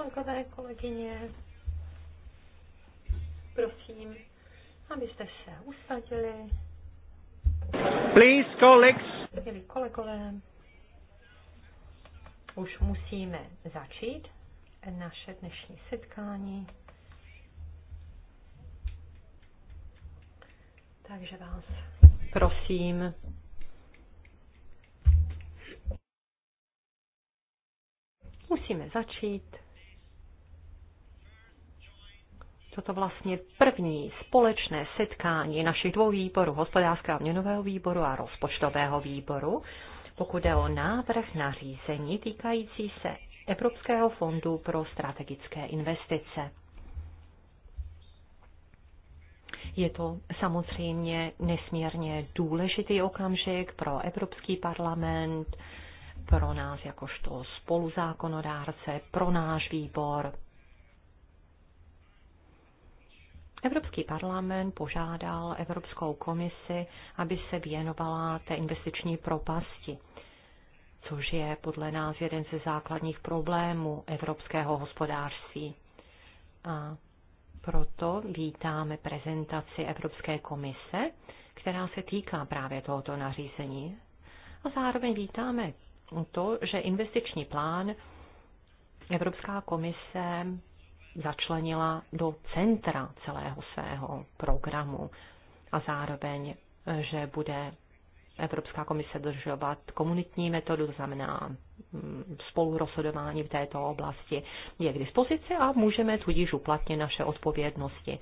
Kolegové, kolegyně, prosím, abyste se usadili. Please, colleagues. Milí kolegové, už musíme začít naše dnešní setkání. Takže vás prosím, musíme začít toto vlastně první společné setkání našich dvou výborů, hospodářského měnového výboru a rozpočtového výboru, pokud je o návrh na řízení týkající se Evropského fondu pro strategické investice. Je to samozřejmě nesmírně důležitý okamžik pro Evropský parlament, pro nás jakožto spoluzákonodárce, pro náš výbor, Evropský parlament požádal Evropskou komisi, aby se věnovala té investiční propasti, což je podle nás jeden ze základních problémů evropského hospodářství. A proto vítáme prezentaci Evropské komise, která se týká právě tohoto nařízení. A zároveň vítáme to, že investiční plán Evropská komise začlenila do centra celého svého programu a zároveň, že bude Evropská komise dodržovat komunitní metodu, to znamená mm, spolurozhodování v této oblasti je k dispozici a můžeme tudíž uplatnit naše odpovědnosti,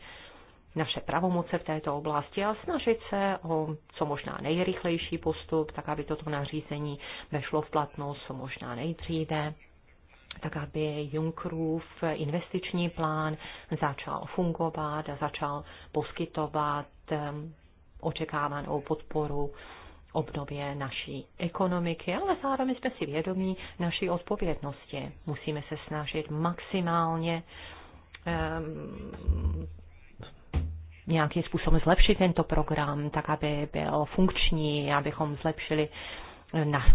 naše pravomoce v této oblasti a snažit se o co možná nejrychlejší postup, tak aby toto nařízení vešlo v platnost co možná nejdříve tak aby Junckerův investiční plán začal fungovat a začal poskytovat očekávanou podporu obnově naší ekonomiky, ale zároveň jsme si vědomí naší odpovědnosti. Musíme se snažit maximálně um, nějakým způsobem zlepšit tento program, tak aby byl funkční, abychom zlepšili um,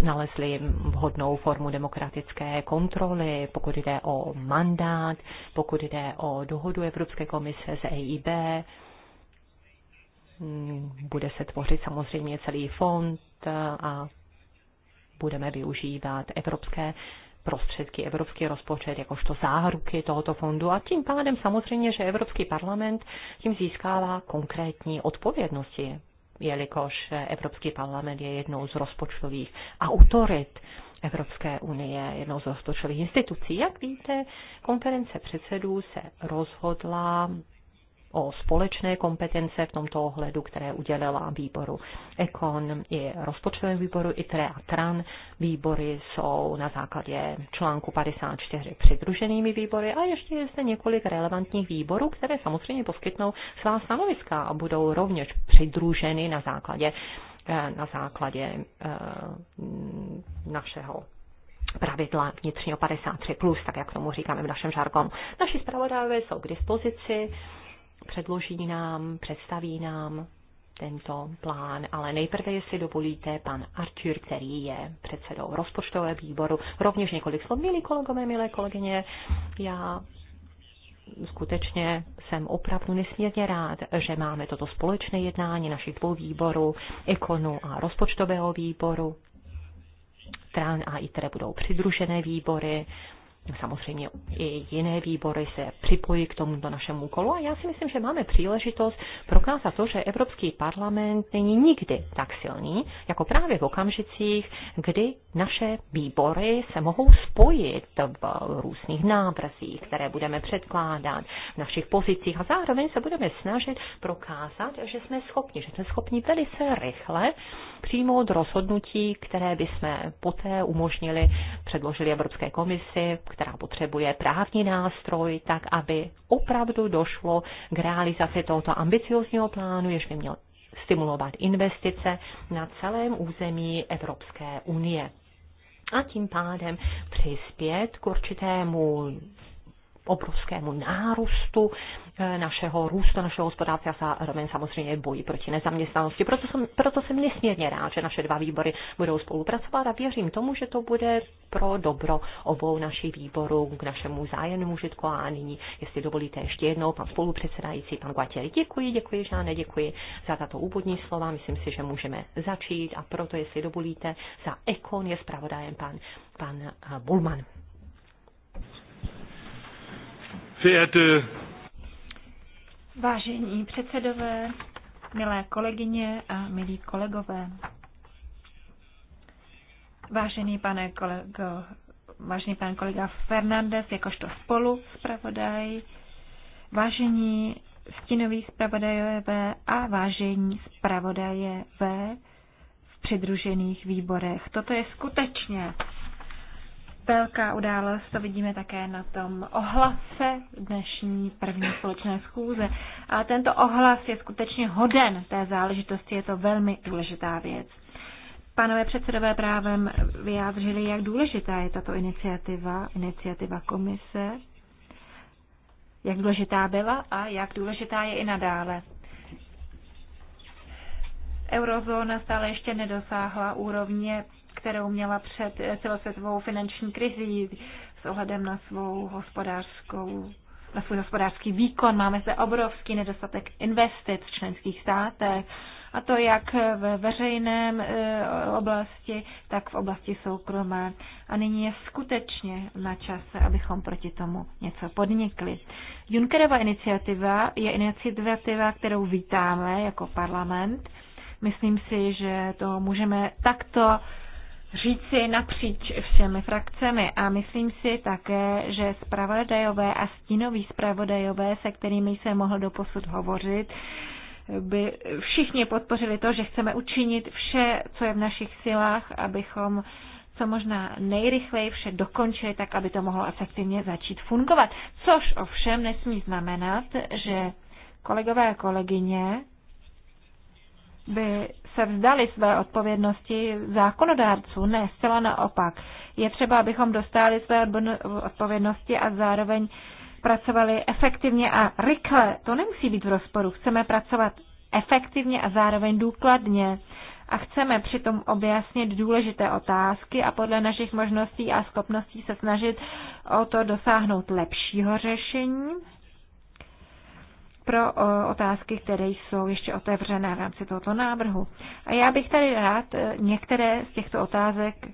nalezli vhodnou formu demokratické kontroly, pokud jde o mandát, pokud jde o dohodu Evropské komise z EIB. Hmm, bude se tvořit samozřejmě celý fond a budeme využívat evropské prostředky, evropský rozpočet, jakožto záruky tohoto fondu a tím pádem samozřejmě, že Evropský parlament tím získává konkrétní odpovědnosti jelikož Evropský parlament je jednou z rozpočtových autorit Evropské unie, jednou z rozpočtových institucí. Jak víte, konference předsedů se rozhodla o společné kompetence v tomto ohledu, které udělala výboru Econ, i rozpočtovému výboru ITRE a TRAN. Výbory jsou na základě článku 54 přidruženými výbory a ještě je zde několik relevantních výborů, které samozřejmě poskytnou svá stanoviska a budou rovněž přidruženy na základě eh, na základě eh, našeho pravidla vnitřního 53+, plus, tak jak tomu říkáme v našem žargonu. Naši zpravodajové jsou k dispozici předloží nám, představí nám tento plán, ale nejprve, jestli dovolíte, pan Artur, který je předsedou rozpočtového výboru, rovněž několik slov. Milí kolegové, milé kolegyně, já skutečně jsem opravdu nesmírně rád, že máme toto společné jednání našich dvou výborů, ekonu a rozpočtového výboru. stran a ITRE budou přidružené výbory Samozřejmě i jiné výbory se připojí k tomuto našemu úkolu a já si myslím, že máme příležitost prokázat to, že Evropský parlament není nikdy tak silný, jako právě v okamžicích, kdy naše výbory se mohou spojit v různých návrzích, které budeme předkládat v našich pozicích a zároveň se budeme snažit prokázat, že jsme schopni, že jsme schopni velice rychle přijmout rozhodnutí, které by jsme poté umožnili, předložili Evropské komisi, která potřebuje právní nástroj, tak aby opravdu došlo k realizaci tohoto ambiciozního plánu, jež by měl stimulovat investice na celém území Evropské unie. A tím pádem přispět k určitému obrovskému nárůstu eh, našeho růstu, našeho hospodářství a zároveň samozřejmě boji proti nezaměstnanosti. Proto jsem, proto jsem nesmírně rád, že naše dva výbory budou spolupracovat a věřím tomu, že to bude pro dobro obou našich výborů k našemu zájemnému žitku. A nyní, jestli dovolíte ještě jednou, pan spolupředsedající, pan Guatieri, děkuji, děkuji, Žáne, děkuji za tato úvodní slova. Myslím si, že můžeme začít a proto, jestli dovolíte, za Ekon je zpravodajem pan, pan eh, Bulman verehrte Vážení předsedové, milé kolegyně a milí kolegové, vážený pane kolego, vážený pan kolega Fernandez, jakožto spolu zpravodaj, vážení stinoví zpravodajové a vážení zpravodaje v přidružených výborech. Toto je skutečně velká událost, to vidíme také na tom ohlase dnešní první společné schůze. A tento ohlas je skutečně hoden té záležitosti, je to velmi důležitá věc. Panové předsedové právem vyjádřili, jak důležitá je tato iniciativa, iniciativa komise, jak důležitá byla a jak důležitá je i nadále. Eurozóna stále ještě nedosáhla úrovně kterou měla před celosvětovou finanční krizí s ohledem na svou hospodářskou na svůj hospodářský výkon. Máme zde obrovský nedostatek investic v členských státech, a to jak ve veřejném e, oblasti, tak v oblasti soukromé. A nyní je skutečně na čase, abychom proti tomu něco podnikli. Junckerova iniciativa je iniciativa, kterou vítáme jako parlament. Myslím si, že to můžeme takto říci napříč všemi frakcemi a myslím si také, že zpravodajové a stínoví zpravodajové, se kterými jsem mohl doposud hovořit, by všichni podpořili to, že chceme učinit vše, co je v našich silách, abychom co možná nejrychleji vše dokončili, tak aby to mohlo efektivně začít fungovat. Což ovšem nesmí znamenat, že kolegové a kolegyně by se vzdali své odpovědnosti zákonodárců. Ne, zcela naopak. Je třeba, abychom dostali své odpovědnosti a zároveň pracovali efektivně a rychle. To nemusí být v rozporu. Chceme pracovat efektivně a zároveň důkladně a chceme přitom objasnit důležité otázky a podle našich možností a schopností se snažit o to dosáhnout lepšího řešení, pro otázky, které jsou ještě otevřené v rámci tohoto návrhu. A já bych tady rád e, některé z těchto otázek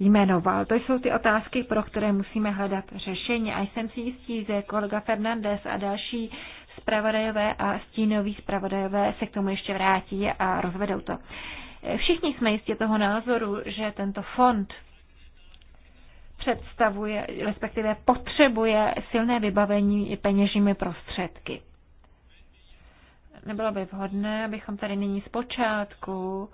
jmenoval. To jsou ty otázky, pro které musíme hledat řešení. A jsem si jistý, že kolega Fernandez a další zpravodajové a stínoví zpravodajové se k tomu ještě vrátí a rozvedou to. E, všichni jsme jistě toho názoru, že tento fond představuje, respektive potřebuje silné vybavení peněžními prostředky. Nebylo by vhodné, abychom tady nyní zpočátku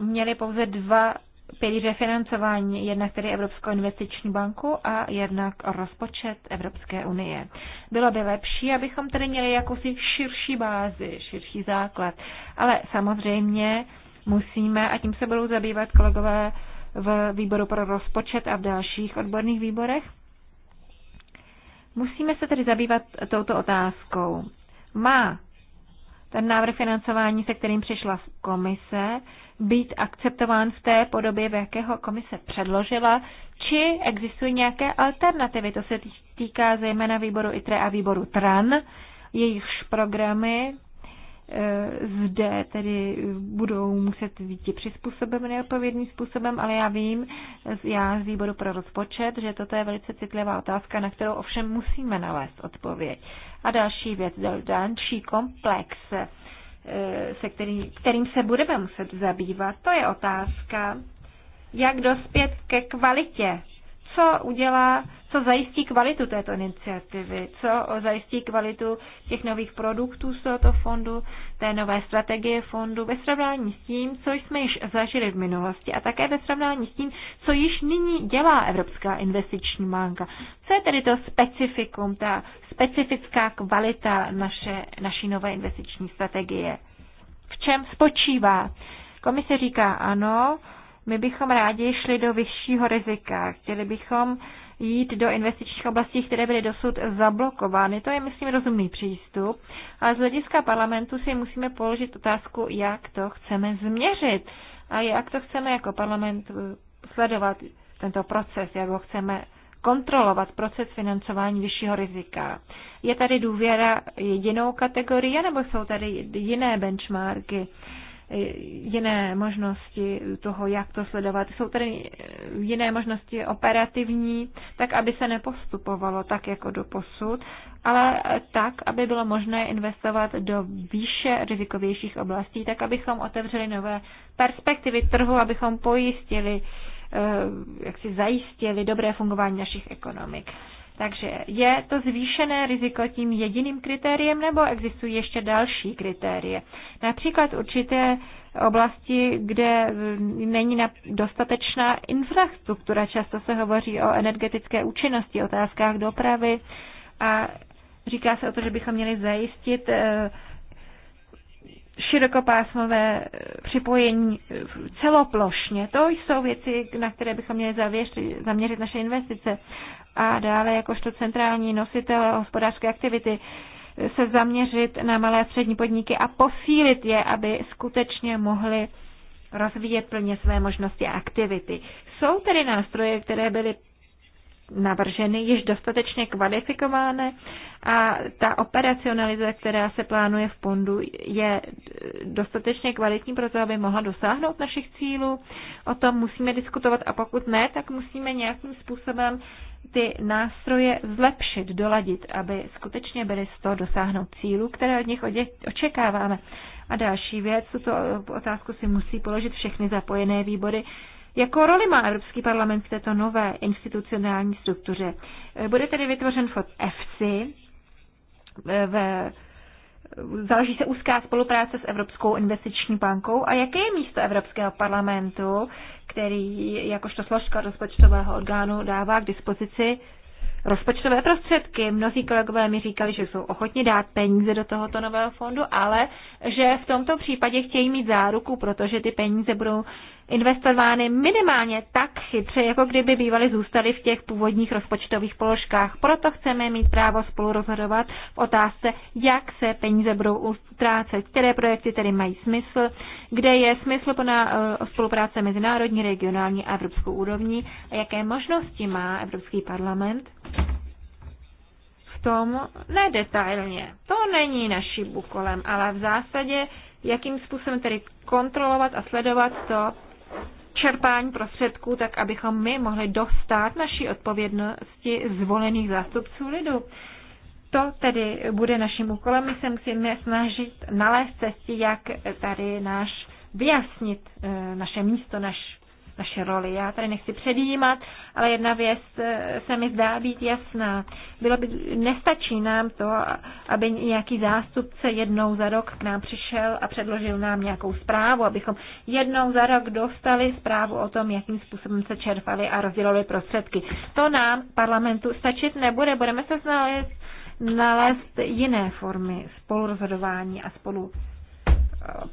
měli pouze dva pilíře financování, jednak tedy Evropskou investiční banku a jednak rozpočet Evropské unie. Bylo by lepší, abychom tedy měli jakousi širší bázi, širší základ. Ale samozřejmě musíme, a tím se budou zabývat kolegové v výboru pro rozpočet a v dalších odborných výborech. Musíme se tedy zabývat touto otázkou. Má ten návrh financování, se kterým přišla komise, být akceptován v té podobě, v jakého komise předložila, či existují nějaké alternativy. To se týká zejména výboru ITRE a výboru TRAN, jejichž programy Eh, zde tedy budou muset být přizpůsobeny neodpovědným způsobem, ale já vím, já z výboru pro rozpočet, že toto je velice citlivá otázka, na kterou ovšem musíme nalézt odpověď. A další věc, další komplex, eh, se který, kterým se budeme muset zabývat, to je otázka, jak dospět ke kvalitě co udělá, co zajistí kvalitu této iniciativy, co zajistí kvalitu těch nových produktů z tohoto fondu, té nové strategie fondu ve srovnání s tím, co jsme již zažili v minulosti a také ve srovnání s tím, co již nyní dělá Evropská investiční banka. Co je tedy to specifikum, ta specifická kvalita naše, naší nové investiční strategie? V čem spočívá? Komise říká ano, my bychom rádi šli do vyššího rizika. Chtěli bychom jít do investičních oblastí, které byly dosud zablokovány. To je, myslím, rozumný přístup. A z hlediska parlamentu si musíme položit otázku, jak to chceme změřit a jak to chceme jako parlament uh, sledovat tento proces, jak ho chceme kontrolovat proces financování vyššího rizika. Je tady důvěra jedinou kategorii, nebo jsou tady jiné benchmarky? E, jiné možnosti toho, jak to sledovat. Jsou tady e, jiné možnosti operativní, tak aby se nepostupovalo tak jako do posud, ale tak, aby bylo možné investovat do výše rizikovějších oblastí, tak abychom otevřeli nové perspektivy trhu, abychom pojistili, e, jak si zajistili dobré fungování našich ekonomik. Takže je to zvýšené riziko tím jediným kritériem nebo existují ještě další kritérie? Například určité oblasti, kde není dostatečná infrastruktura. Často se hovoří o energetické účinnosti, otázkách dopravy a říká se o to, že bychom měli zajistit eh, širokopásmové eh, připojení eh, celoplošně. To jsou věci, na které bychom měli zavěřit, zaměřit naše investice a dále jakožto centrální nositel hospodářské aktivity se zaměřit na malé a střední podniky a posílit je, aby skutečně mohly rozvíjet plně své možnosti a aktivity. Jsou tedy nástroje, které byly navrženy, již dostatečně kvalifikované a ta operacionalizace, která se plánuje v fondu, je dostatečně kvalitní pro to, aby mohla dosáhnout našich cílů. O tom musíme diskutovat a pokud ne, tak musíme nějakým způsobem ty nástroje zlepšit, doladit, aby skutečně byly z toho dosáhnout cílu, které od nich očekáváme. A další věc, tuto eh, otázku si musí položit všechny zapojené výbory, Jakou roli má Evropský parlament v této nové institucionální struktuře? Eh, bude tedy vytvořen fond EFSI, eh, ve založí se úzká spolupráce s Evropskou investiční bankou a jaké je místo Evropského parlamentu, který jakožto složka rozpočtového orgánu dává k dispozici rozpočtové prostředky. Mnozí kolegové mi říkali, že jsou ochotni dát peníze do tohoto nového fondu, ale že v tomto případě chtějí mít záruku, protože ty peníze budou investovány minimálně tak chytře, jako kdyby bývaly zůstaly v těch původních rozpočtových položkách. Proto chceme mít právo spolu rozhodovat v otázce, jak se peníze budou utrácet, které projekty tedy mají smysl, kde je smysl na eh, spolupráce mezinárodní, regionální a evropskou úrovní a jaké možnosti má Evropský parlament v tom nedetailně. To není naším úkolem, ale v zásadě jakým způsobem tedy kontrolovat a sledovat to, čerpání prostředků, tak abychom my mohli dostat naší odpovědnosti zvolených zástupců lidu. To tedy bude naším úkolem. My se musíme snažit nalézt cesty, jak tady náš vyjasnit eh, naše místo, naš naše roli. Já tady nechci předjímat, ale jedna věc eh, se mi zdá být jasná. Bylo by, nestačí nám to, aby nějaký zástupce jednou za rok k nám přišel a předložil nám nějakou zprávu, abychom jednou za rok dostali zprávu o tom, jakým způsobem se čerpali a rozdělovali prostředky. To nám parlamentu stačit nebude, budeme se snažit nalézt jiné formy spolurozhodování a spolu Eh,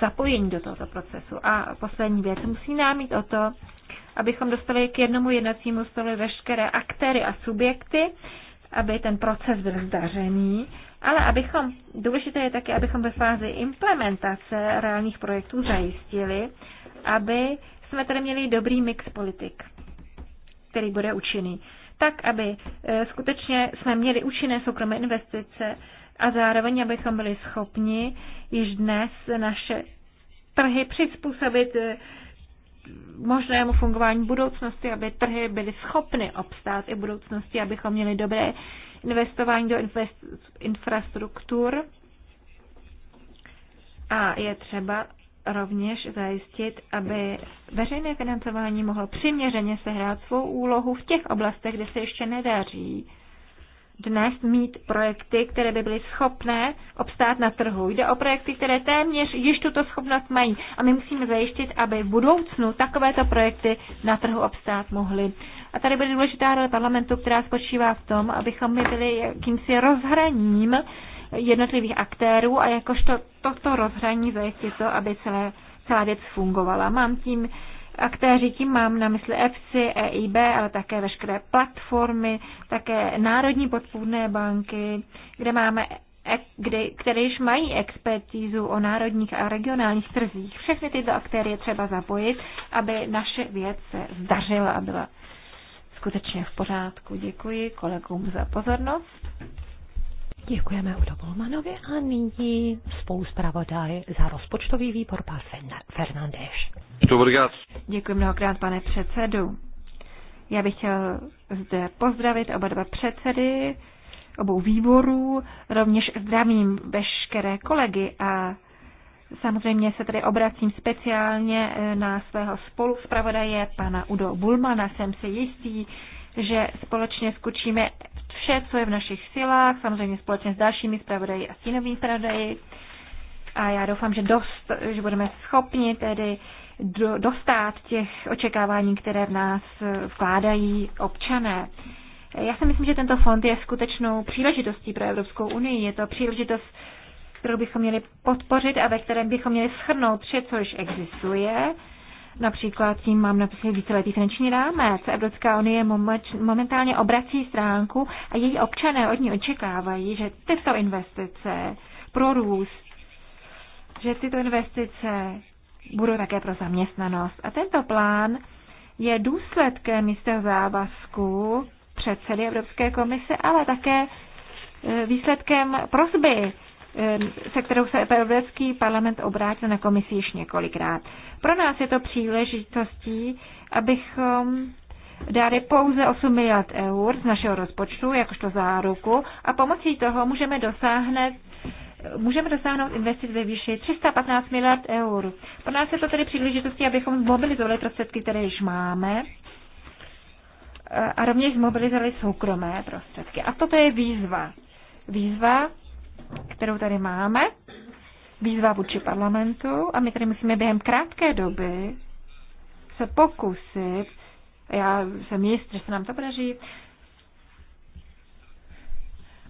zapojení do tohoto procesu. A poslední věc, musí nám jít o to, abychom dostali k jednomu jednacímu stolu veškeré aktéry a subjekty, aby ten proces byl zdařený, ale abychom, důležité je také, abychom ve fázi implementace reálních projektů zajistili, aby jsme tady měli dobrý mix politik, který bude účinný. Tak, aby eh, skutečně jsme měli účinné soukromé investice, a zároveň, abychom byli schopni již dnes naše trhy přizpůsobit eh, možnému fungování budoucnosti, aby trhy byly schopny obstát i budoucnosti, abychom měli dobré investování do invest, infrastruktur. A je třeba rovněž zajistit, aby veřejné financování mohlo přiměřeně sehrát svou úlohu v těch oblastech, kde se ještě nedaří dnes mít projekty, které by byly schopné obstát na trhu. Jde o projekty, které téměř již tuto schopnost mají a my musíme zajištit, aby v budoucnu takovéto projekty na trhu obstát mohly. A tady bude důležitá role parlamentu, která spočívá v tom, abychom my byli jakýmsi rozhraním jednotlivých aktérů a jakožto toto rozhraní zajistit to, aby celé, celá věc fungovala. Mám tím aktéři, tím mám na mysli EFSI, EIB, ale také veškeré platformy, také národní podpůrné banky, kde máme kde, které již mají expertízu o národních a regionálních trzích. Všechny tyto aktéry je třeba zapojit, aby naše věc se zdařila a byla skutečně v pořádku. Děkuji kolegům za pozornost. Děkujeme Udo Bulmanovi a nyní spoluzpravodaj za rozpočtový výbor pan Fernandéš. Děkuji mnohokrát, pane předsedu. Já bych chtěl zde pozdravit oba dva předsedy, obou výborů, rovněž zdravím veškeré kolegy a Samozřejmě se tady obracím speciálně eh, na svého spoluzpravodaje, pana Udo Bulmana. Jsem si jistý, že společně skučíme vše, co je v našich silách, samozřejmě společně s dalšími zpravodaji a stínovými zpravodaji. A já doufám, že, dost, že budeme schopni tedy dostat těch očekávání, které v nás vkládají občané. Já si myslím, že tento fond je skutečnou příležitostí pro Evropskou unii. Je to příležitost, kterou bychom měli podpořit a ve kterém bychom měli schrnout vše, co již existuje, Například tím mám například víceletý finanční rámec. Evropská unie momentálně obrací stránku a její občané od ní očekávají, že tyto investice pro růst, že tyto investice budou také pro zaměstnanost. A tento plán je důsledkem jistého závazku předsedy Evropské komise, ale také e, výsledkem prosby se kterou se Evropský parlament obrátil na komisi již několikrát. Pro nás je to příležitostí, abychom dali pouze 8 miliard eur z našeho rozpočtu jakožto záruku a pomocí toho můžeme dosáhnout můžeme dosáhnout investic ve výši 315 miliard eur. Pro nás je to tedy příležitostí, abychom zmobilizovali prostředky, které již máme a rovněž zmobilizovali soukromé prostředky. A toto je výzva. Výzva, kterou tady máme, výzva vůči parlamentu a my tady musíme během krátké doby se pokusit, já jsem jist, že se nám to podaří,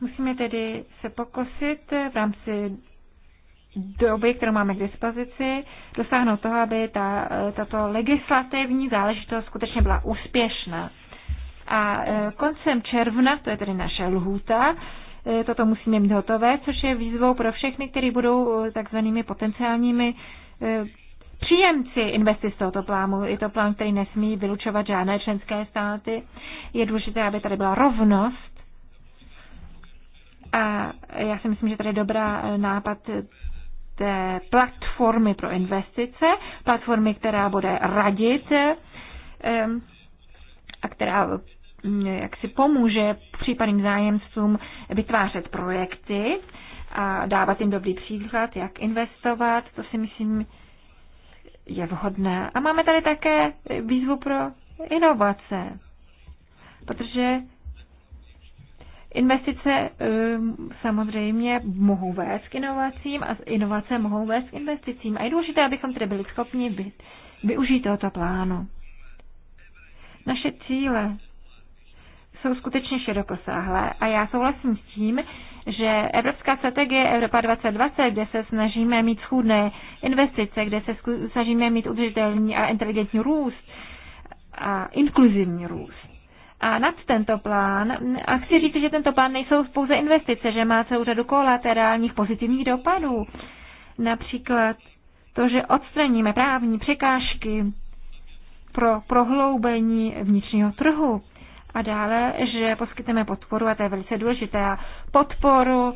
musíme tedy se pokusit v rámci doby, kterou máme k dispozici, dosáhnout toho, aby ta, tato legislativní záležitost skutečně byla úspěšná. A eh, koncem června, to je tedy naše lhůta, Eh, toto musíme mít hotové, což je výzvou pro všechny, kteří budou eh, takzvanými potenciálními eh, příjemci investic tohoto plánu. Je to plán, který nesmí vylučovat žádné členské státy. Je důležité, aby tady byla rovnost. A já si myslím, že tady je dobrá nápad té platformy pro investice, platformy, která bude radit a která jak si pomůže případným zájemcům vytvářet projekty a dávat jim dobrý příklad, jak investovat, to si myslím je vhodné. A máme tady také výzvu pro inovace, protože investice um, samozřejmě mohou vést k inovacím a inovace mohou vést k investicím. A je důležité, abychom tedy byli schopni být, využít tohoto plánu. Naše cíle jsou skutečně širokosáhlé. A já souhlasím s tím, že Evropská strategie Evropa 2020, kde se snažíme mít schůdné investice, kde se snažíme mít udržitelný a inteligentní růst a inkluzivní růst, a nad tento plán, a chci říct, že tento plán nejsou pouze investice, že má celou řadu kolaterálních pozitivních dopadů. Například to, že odstraníme právní překážky pro prohloubení vnitřního trhu. A dále, že poskytneme podporu, a to je velice důležité, a podporu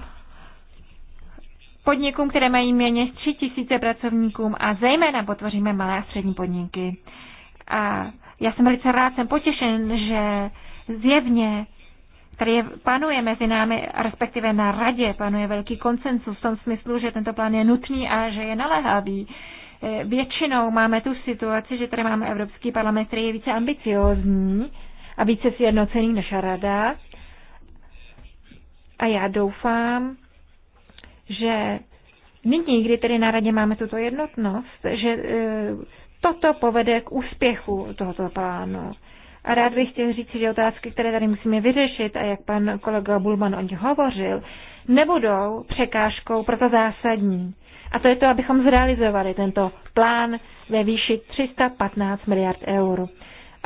podnikům, které mají méně než 3 tisíce pracovníkům a zejména potvoříme malé a střední podniky. A já jsem velice rád, jsem potěšen, že zjevně který panuje mezi námi, respektive na radě, panuje velký koncensus v tom smyslu, že tento plán je nutný a že je naléhavý. E, většinou máme tu situaci, že tady máme Evropský parlament, který je více ambiciózní, a více sjednocený než rada. A já doufám, že nyní, kdy tedy na radě máme tuto jednotnost, že e, toto povede k úspěchu tohoto plánu. A rád bych chtěl říct, že otázky, které tady musíme vyřešit, a jak pan kolega Bulman o nich hovořil, nebudou překážkou pro to zásadní. A to je to, abychom zrealizovali tento plán ve výši 315 miliard eur.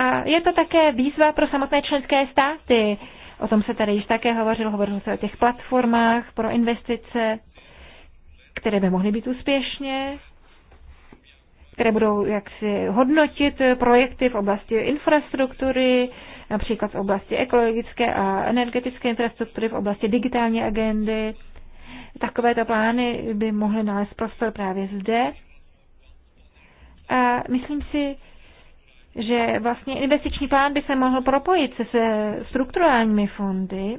A je to také výzva pro samotné členské státy. O tom se tady již také hovořilo, hovořilo se o těch platformách pro investice, které by mohly být úspěšně, které budou jaksi hodnotit projekty v oblasti infrastruktury, například v oblasti ekologické a energetické infrastruktury, v oblasti digitální agendy. Takovéto plány by mohly nalézt prostor právě zde. A myslím si, že vlastně investiční plán by se mohl propojit se, se strukturálními fondy,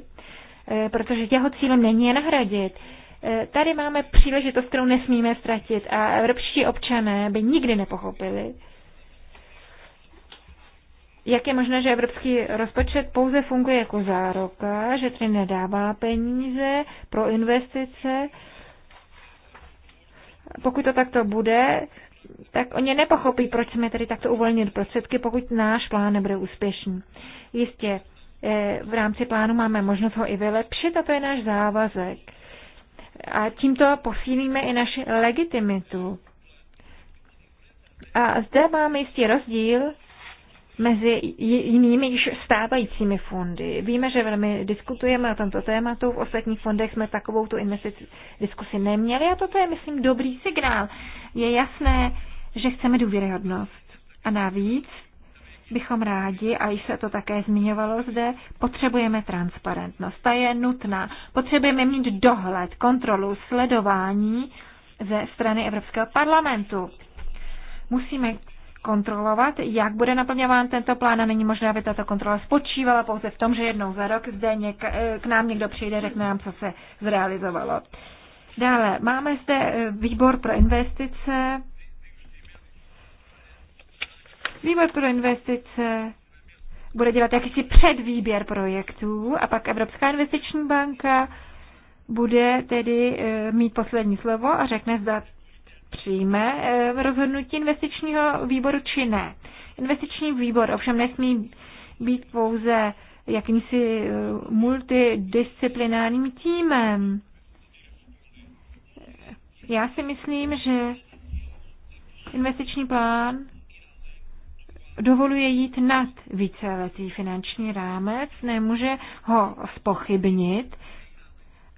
eh, protože jeho cílem není je nahradit. Eh, tady máme příležitost, kterou nesmíme ztratit a evropští občané by nikdy nepochopili, jak je možné, že evropský rozpočet pouze funguje jako zároka, že tedy nedává peníze pro investice. Pokud to takto bude, tak oni nepochopí, proč jsme tedy takto uvolnili prostředky, pokud náš plán nebude úspěšný. Jistě, eh, v rámci plánu máme možnost ho i vylepšit a to je náš závazek. A tímto posílíme i naši legitimitu. A zde máme jistý rozdíl mezi jinými již stávajícími fondy. Víme, že velmi diskutujeme o tomto tématu, v ostatních fondech jsme takovou tu investici diskusi neměli a toto je, myslím, dobrý signál je jasné, že chceme důvěryhodnost. A navíc bychom rádi, a i se to také zmiňovalo zde, potřebujeme transparentnost. Ta je nutná. Potřebujeme mít dohled, kontrolu, sledování ze strany Evropského parlamentu. Musíme kontrolovat, jak bude naplňován tento plán a není možné, aby tato kontrola spočívala pouze v tom, že jednou za rok zde něk- eh, k nám někdo přijde, řekne nám, co se zrealizovalo. Dále máme zde eh, výbor pro investice. Výbor pro investice bude dělat jakýsi předvýběr projektů a pak Evropská investiční banka bude tedy eh, mít poslední slovo a řekne, zda přijme eh, rozhodnutí investičního výboru či ne. Investiční výbor ovšem nesmí být pouze jakýmsi multidisciplinárním týmem. Já si myslím, že investiční plán dovoluje jít nad víceletý finanční rámec, nemůže ho spochybnit,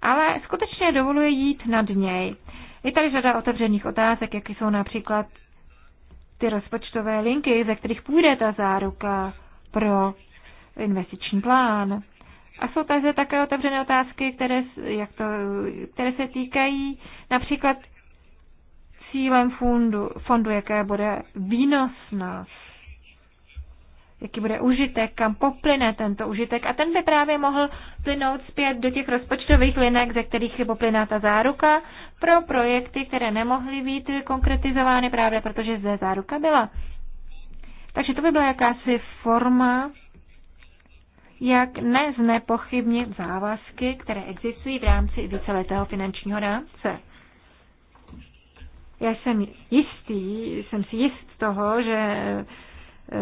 ale skutečně dovoluje jít nad něj. Je tady řada otevřených otázek, jaké jsou například ty rozpočtové linky, ze kterých půjde ta záruka pro investiční plán. A jsou tady také otevřené otázky, které, jak to, které se týkají například cílem fondu, fondu, jaké bude výnosnost, jaký bude užitek, kam poplyne tento užitek. A ten by právě mohl plynout zpět do těch rozpočtových linek, ze kterých je poplyná ta záruka, pro projekty, které nemohly být konkretizovány právě protože zde záruka byla. Takže to by byla jakási forma jak ne znepochybnit závazky, které existují v rámci víceletého finančního rámce. Já jsem jistý, jsem si jist toho, že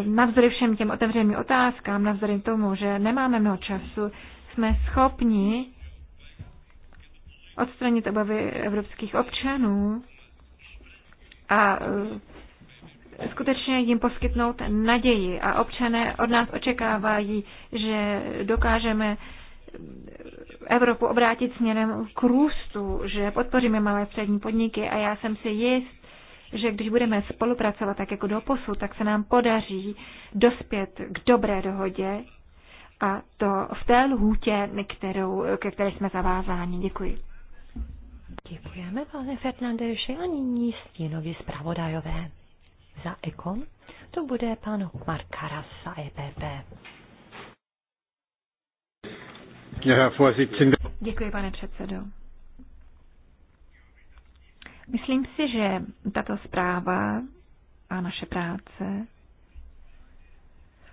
navzdory všem těm otevřeným otázkám, navzdory tomu, že nemáme mnoho času, jsme schopni odstranit obavy evropských občanů a skutečně jim poskytnout naději a občané od nás očekávají, že dokážeme Evropu obrátit směrem k růstu, že podpoříme malé střední podniky a já jsem si jist, že když budeme spolupracovat tak jako do tak se nám podaří dospět k dobré dohodě a to v té lhůtě, kterou, ke které jsme zavázáni. Děkuji. Děkujeme, pane Fernandeše, a nyní stínovi zpravodajové za Ekon. To bude pan Mark Karas EPP. Děkuji, pane předsedo. Myslím si, že tato zpráva a naše práce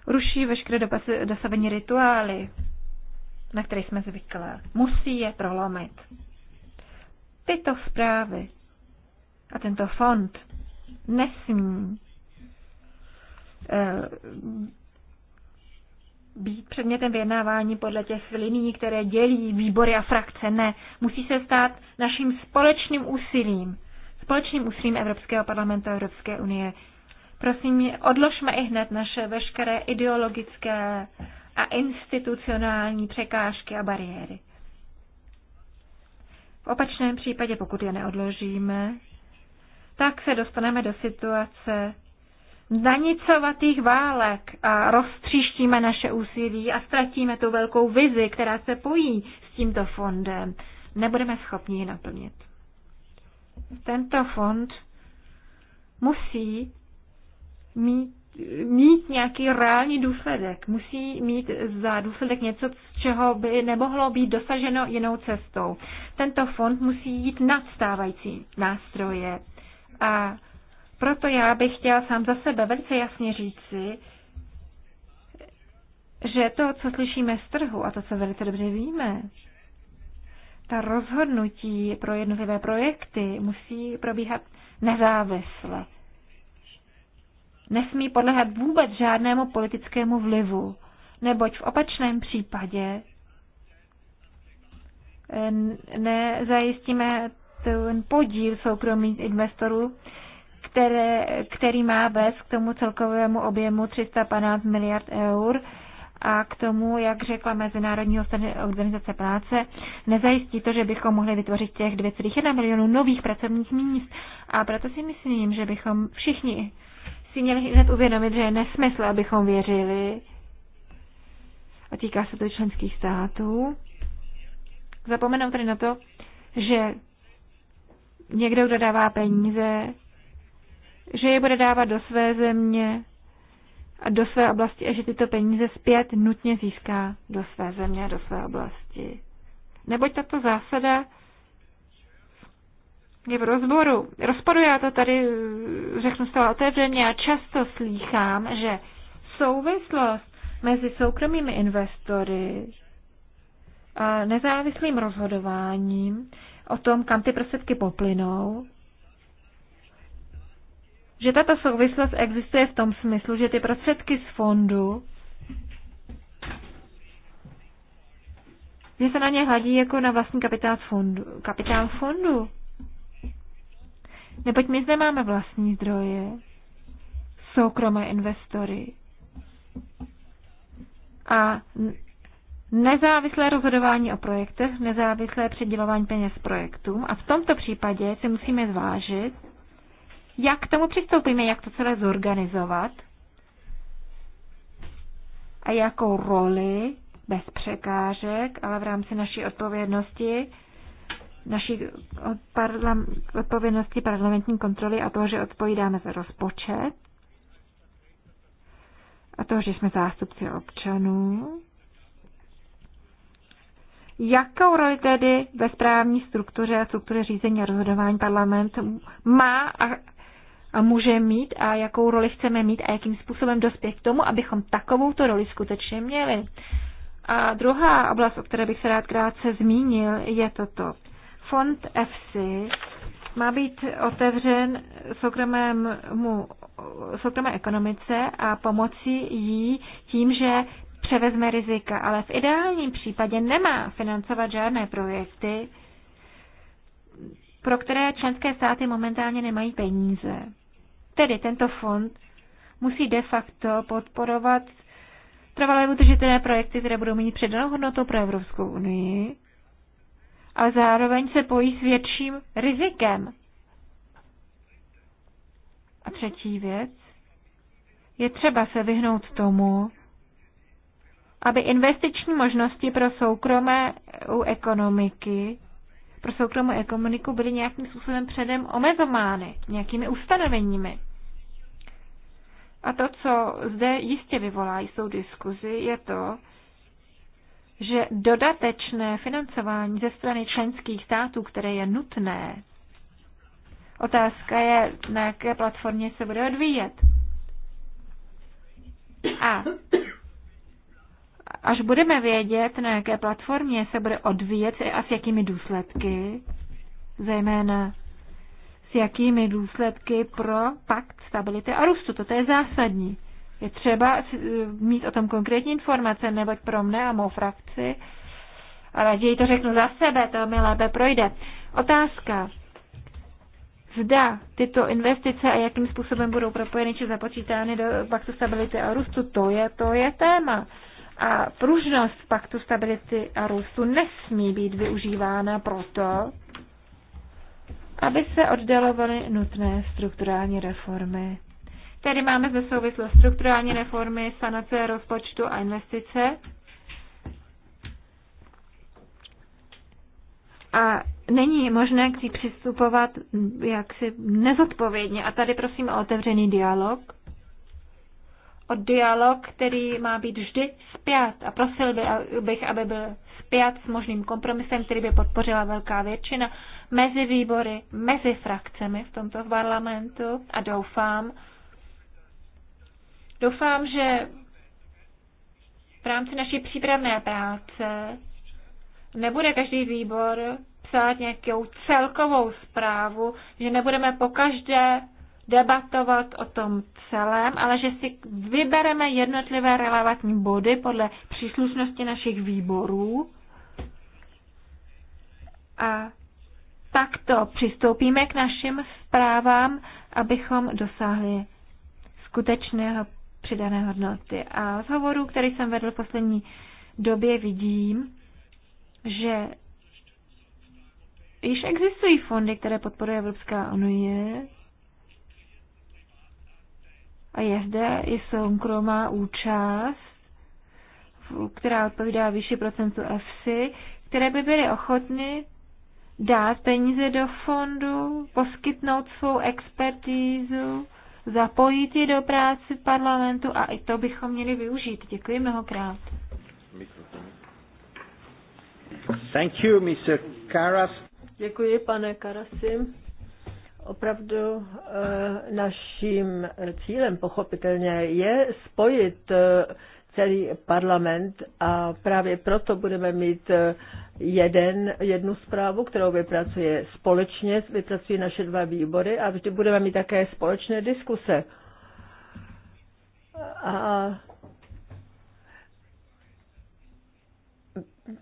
ruší veškeré dosavení rituály, na které jsme zvyklé. Musí je prolomit. Tyto zprávy a tento fond nesmí eh, být předmětem vyjednávání podle těch linií, které dělí výbory a frakce. Ne, musí se stát naším společným úsilím, společným úsilím Evropského parlamentu a Evropské unie. Prosím, odložme i hned naše veškeré ideologické a institucionální překážky a bariéry. V opačném případě, pokud je neodložíme, tak se dostaneme do situace zanicovatých válek a roztříštíme naše úsilí a ztratíme tu velkou vizi, která se pojí s tímto fondem. Nebudeme schopni ji naplnit. Tento fond musí mít, mít nějaký reální důsledek. Musí mít za důsledek něco, z čeho by nemohlo být dosaženo jinou cestou. Tento fond musí jít nad stávající nástroje a proto já bych chtěla sám za sebe velice jasně říci, že to, co slyšíme z trhu a to, co velice dobře víme, ta rozhodnutí pro jednotlivé projekty musí probíhat nezávisle. Nesmí podlehat vůbec žádnému politickému vlivu, neboť v opačném případě eh, nezajistíme ten podíl soukromých investorů, které, který má vést k tomu celkovému objemu 315 miliard eur a k tomu, jak řekla Mezinárodní organizace práce, nezajistí to, že bychom mohli vytvořit těch 2,1 milionů nových pracovních míst. A proto si myslím, že bychom všichni si měli hned uvědomit, že je nesmysl, abychom věřili, a týká se to členských států, zapomenout tady na to, že někdo, kdo dává peníze, že je bude dávat do své země a do své oblasti a že tyto peníze zpět nutně získá do své země a do své oblasti. Neboť tato zásada je v rozboru. Rozporu já to tady řeknu zcela otevřeně a často slýchám, že souvislost mezi soukromými investory a nezávislým rozhodováním o tom, kam ty prostředky poplynou, že tato souvislost existuje v tom smyslu, že ty prostředky z fondu, že se na ně hladí jako na vlastní kapitál fondu. Kapitál fondu. Neboť my zde máme vlastní zdroje, soukromé investory. A nezávislé rozhodování o projektech, nezávislé předělování peněz projektům a v tomto případě si musíme zvážit, jak k tomu přistoupíme, jak to celé zorganizovat a jakou roli bez překážek, ale v rámci naší odpovědnosti, naší odpovědnosti parlamentní kontroly a toho, že odpovídáme za rozpočet a toho, že jsme zástupci občanů, Jakou roli tedy ve správní struktuře a struktuře řízení a rozhodování parlament má a, a může mít a jakou roli chceme mít a jakým způsobem dospět k tomu, abychom takovouto roli skutečně měli. A druhá oblast, o které bych se rád krátce zmínil, je toto. Fond EFSI má být otevřen soukromému, soukromé ekonomice a pomoci jí tím, že převezme rizika, ale v ideálním případě nemá financovat žádné projekty, pro které členské státy momentálně nemají peníze. Tedy tento fond musí de facto podporovat trvalé udržitelné projekty, které budou mít předanou hodnotu pro Evropskou unii, A zároveň se pojí s větším rizikem. A třetí věc, je třeba se vyhnout tomu, aby investiční možnosti pro soukromé u ekonomiky pro soukromou ekonomiku byly nějakým způsobem předem omezovány nějakými ustanoveními. A to, co zde jistě vyvolá, jsou diskuzi, je to, že dodatečné financování ze strany členských států, které je nutné, otázka je, na jaké platformě se bude odvíjet. A až budeme vědět, na jaké platformě se bude odvíjet a s jakými důsledky, zejména s jakými důsledky pro pakt stability a růstu. Toto je zásadní. Je třeba eh, mít o tom konkrétní informace, neboť pro mne a mou frakci, a raději to řeknu za sebe, to mi lépe projde. Otázka. Zda tyto investice a jakým způsobem budou propojeny či započítány do paktu stability a růstu, to je, to je téma. A pružnost paktu stability a růstu nesmí být využívána proto, aby se oddalovaly nutné strukturální reformy. Tedy máme zde souvislost strukturální reformy, sanace rozpočtu a investice. A není možné k ní přistupovat jaksi nezodpovědně. A tady prosím o otevřený dialog o dialog, který má být vždy zpět. A prosil bych, aby byl zpět s možným kompromisem, který by podpořila velká většina mezi výbory, mezi frakcemi v tomto parlamentu. A doufám, doufám, že v rámci naší přípravné práce nebude každý výbor psát nějakou celkovou zprávu, že nebudeme po každé debatovat o tom celém, ale že si vybereme jednotlivé relevantní body podle příslušnosti našich výborů a takto přistoupíme k našim zprávám, abychom dosáhli skutečného přidané hodnoty. A z hovoru, který jsem vedl v poslední době, vidím, že již existují fondy, které podporuje Evropská unie, a je zde i soukromá účast, která odpovídá vyšší procentu EFSI, které by byly ochotny dát peníze do fondu, poskytnout svou expertízu, zapojit je do práce parlamentu a i to bychom měli využít. Děkuji mnohokrát. Thank you, Mr. Karas. Děkuji, pane Karasim. Opravdu eh, naším cílem pochopitelně je spojit eh, celý parlament a právě proto budeme mít eh, jeden, jednu zprávu, kterou vypracuje společně, vypracují naše dva výbory a vždy budeme mít také společné diskuse. A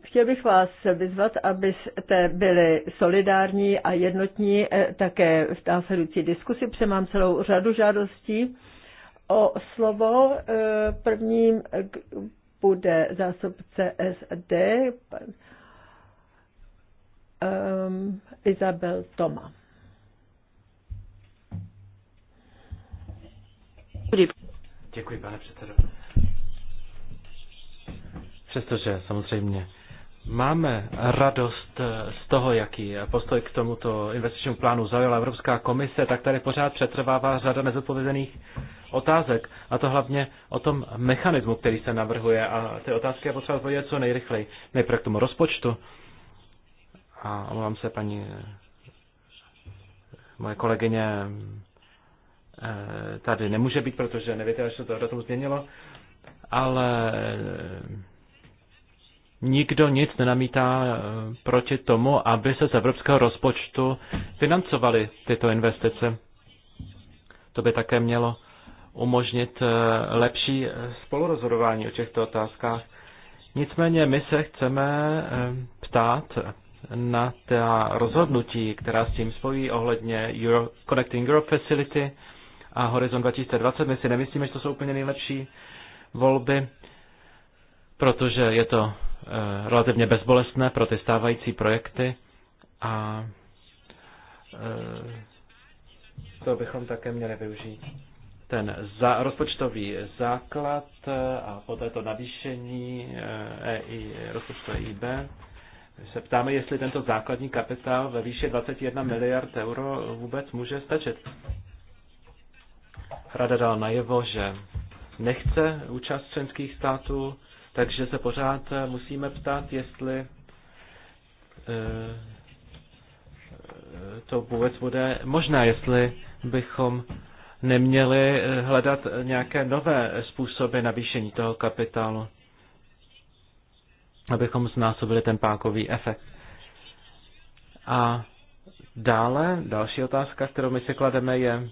Chtěl bych vás vyzvat, abyste byli solidární a jednotní eh, také v následující diskusi. mám celou řadu žádostí o slovo. Eh, prvním bude zástupce SD, pan, ehm, Izabel Toma. Děkuji, pane předsedo. Přestože samozřejmě Máme radost eh, z toho, jaký postoj k tomuto investičnímu plánu zaujala Evropská komise, tak tady pořád přetrvává řada nezodpovězených otázek. A to hlavně o tom mechanismu, který se navrhuje. A ty otázky je potřeba odpovědět co nejrychleji. Nejprve k tomu rozpočtu. A omlouvám se, paní eh, moje kolegyně eh, tady nemůže být, protože nevíte, až se to tomu změnilo. Ale nikdo nic nenamítá eh, proti tomu, aby se z evropského rozpočtu financovaly tyto investice. To by také mělo umožnit eh, lepší eh, spolurozhodování o těchto otázkách. Nicméně my se chceme ptát na ta rozhodnutí, která s tím spojí ohledně Euro, Connecting Europe Facility a Horizon 2020. My si nemyslíme, že to jsou úplně nejlepší volby, protože je to Eh, relativně bezbolestné pro ty stávající projekty a eh, to bychom také měli využít. Ten za, rozpočtový základ eh, a poté to navýšení EI, e rozpočtové IB. se ptáme, jestli tento základní kapitál ve výši 21 miliard euro vůbec může stačit. Rada dala najevo, že nechce účast členských států takže se pořád eh, musíme ptát, jestli eh, eh, to vůbec bude možné, jestli bychom neměli hledat nějaké nové způsoby navýšení toho kapitálu, abychom znásobili ten pákový efekt. A dále, další otázka, kterou my si klademe, je,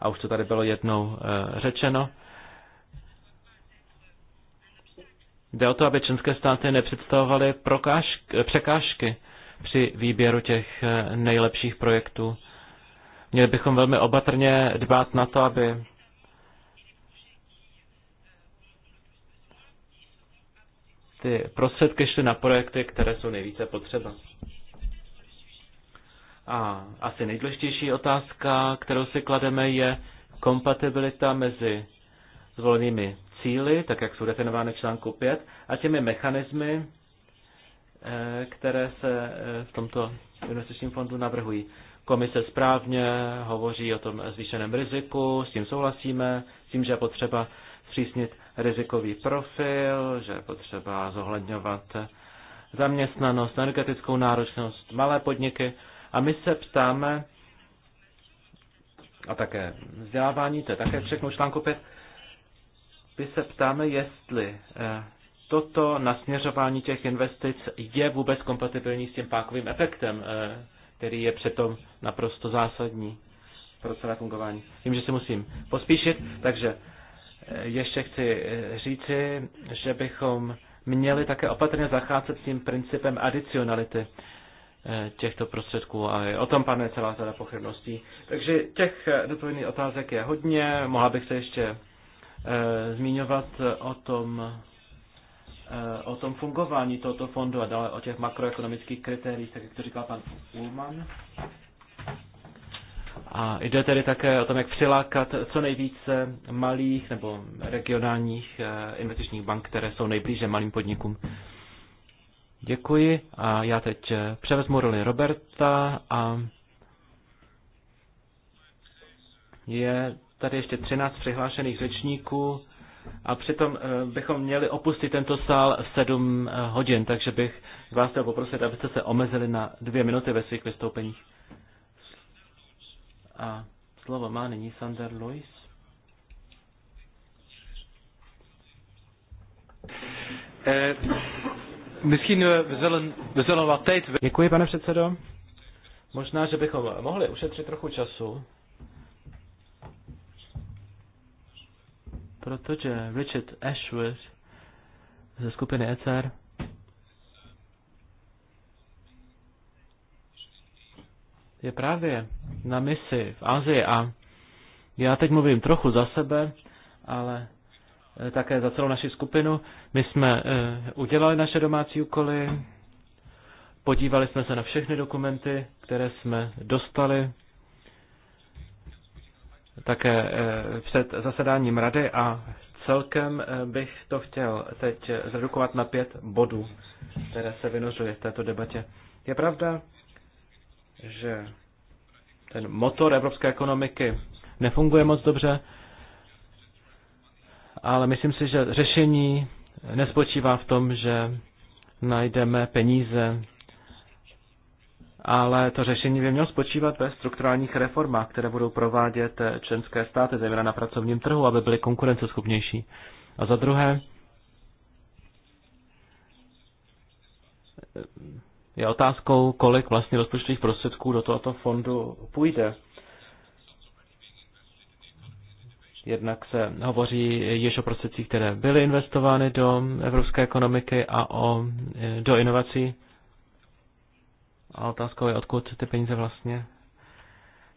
a už to tady bylo jednou řečeno, Jde o to, aby členské státy nepředstavovaly překážky při výběru těch eh, nejlepších projektů. Měli bychom velmi obatrně dbát na to, aby ty prostředky šly na projekty, které jsou nejvíce potřeba. A asi nejdůležitější otázka, kterou si klademe, je kompatibilita mezi zvolenými cíly, tak jak jsou definovány v článku 5, a těmi mechanismy, eh, které se eh, v tomto investičním fondu navrhují. Komise správně hovoří o tom zvýšeném riziku, s tím souhlasíme, s tím, že je potřeba zpřísnit rizikový profil, že je potřeba zohledňovat zaměstnanost, energetickou náročnost, malé podniky. A my se ptáme, a také vzdělávání, to je také všechno článku 5, my se ptáme, jestli eh, toto nasměřování těch investic je vůbec kompatibilní s tím pákovým efektem, eh, který je přitom naprosto zásadní pro celé fungování. Vím, že si musím pospíšit, takže eh, ještě chci říci, že bychom měli také opatrně zacházet s tím principem adicionality těchto prostředků a o tom panuje celá řada pochybností. Takže těch doplněných otázek je hodně, mohla bych se ještě Eh, zmiňovat o tom, eh, o tom fungování tohoto fondu a dále o těch makroekonomických kritériích, tak jak to říkal pan Ullman. A jde tedy také o tom, jak přilákat co nejvíce malých nebo regionálních eh, investičních bank, které jsou nejblíže malým podnikům. Děkuji a já teď převezmu roli Roberta a je tady ještě 13 přihlášených řečníků a přitom eh, bychom měli opustit tento sál v 7 eh, hodin, takže bych vás chtěl poprosit, abyste se omezili na dvě minuty ve svých vystoupeních. A slovo má nyní Sander Lois. Eh, Děkuji, pane předsedo. Možná, že bychom mohli ušetřit trochu času. protože Richard Ashworth ze skupiny ECR je právě na misi v Asii a já teď mluvím trochu za sebe, ale eh, také za celou naši skupinu. My jsme eh, udělali naše domácí úkoly, podívali jsme se na všechny dokumenty, které jsme dostali také eh, před zasedáním rady a celkem eh, bych to chtěl teď zredukovat na pět bodů, které se vynořují v této debatě. Je pravda, že ten motor evropské ekonomiky nefunguje moc dobře, ale myslím si, že řešení nespočívá v tom, že najdeme peníze ale to řešení by mělo spočívat ve strukturálních reformách, které budou provádět eh, členské státy, zejména na pracovním trhu, aby byly konkurenceschopnější. A za druhé, eh, je otázkou, kolik vlastně rozpočtových prostředků do tohoto fondu půjde. Jednak se hovoří již o prostředcích, které byly investovány do evropské ekonomiky a o, eh, do inovací a otázkou je, odkud ty peníze vlastně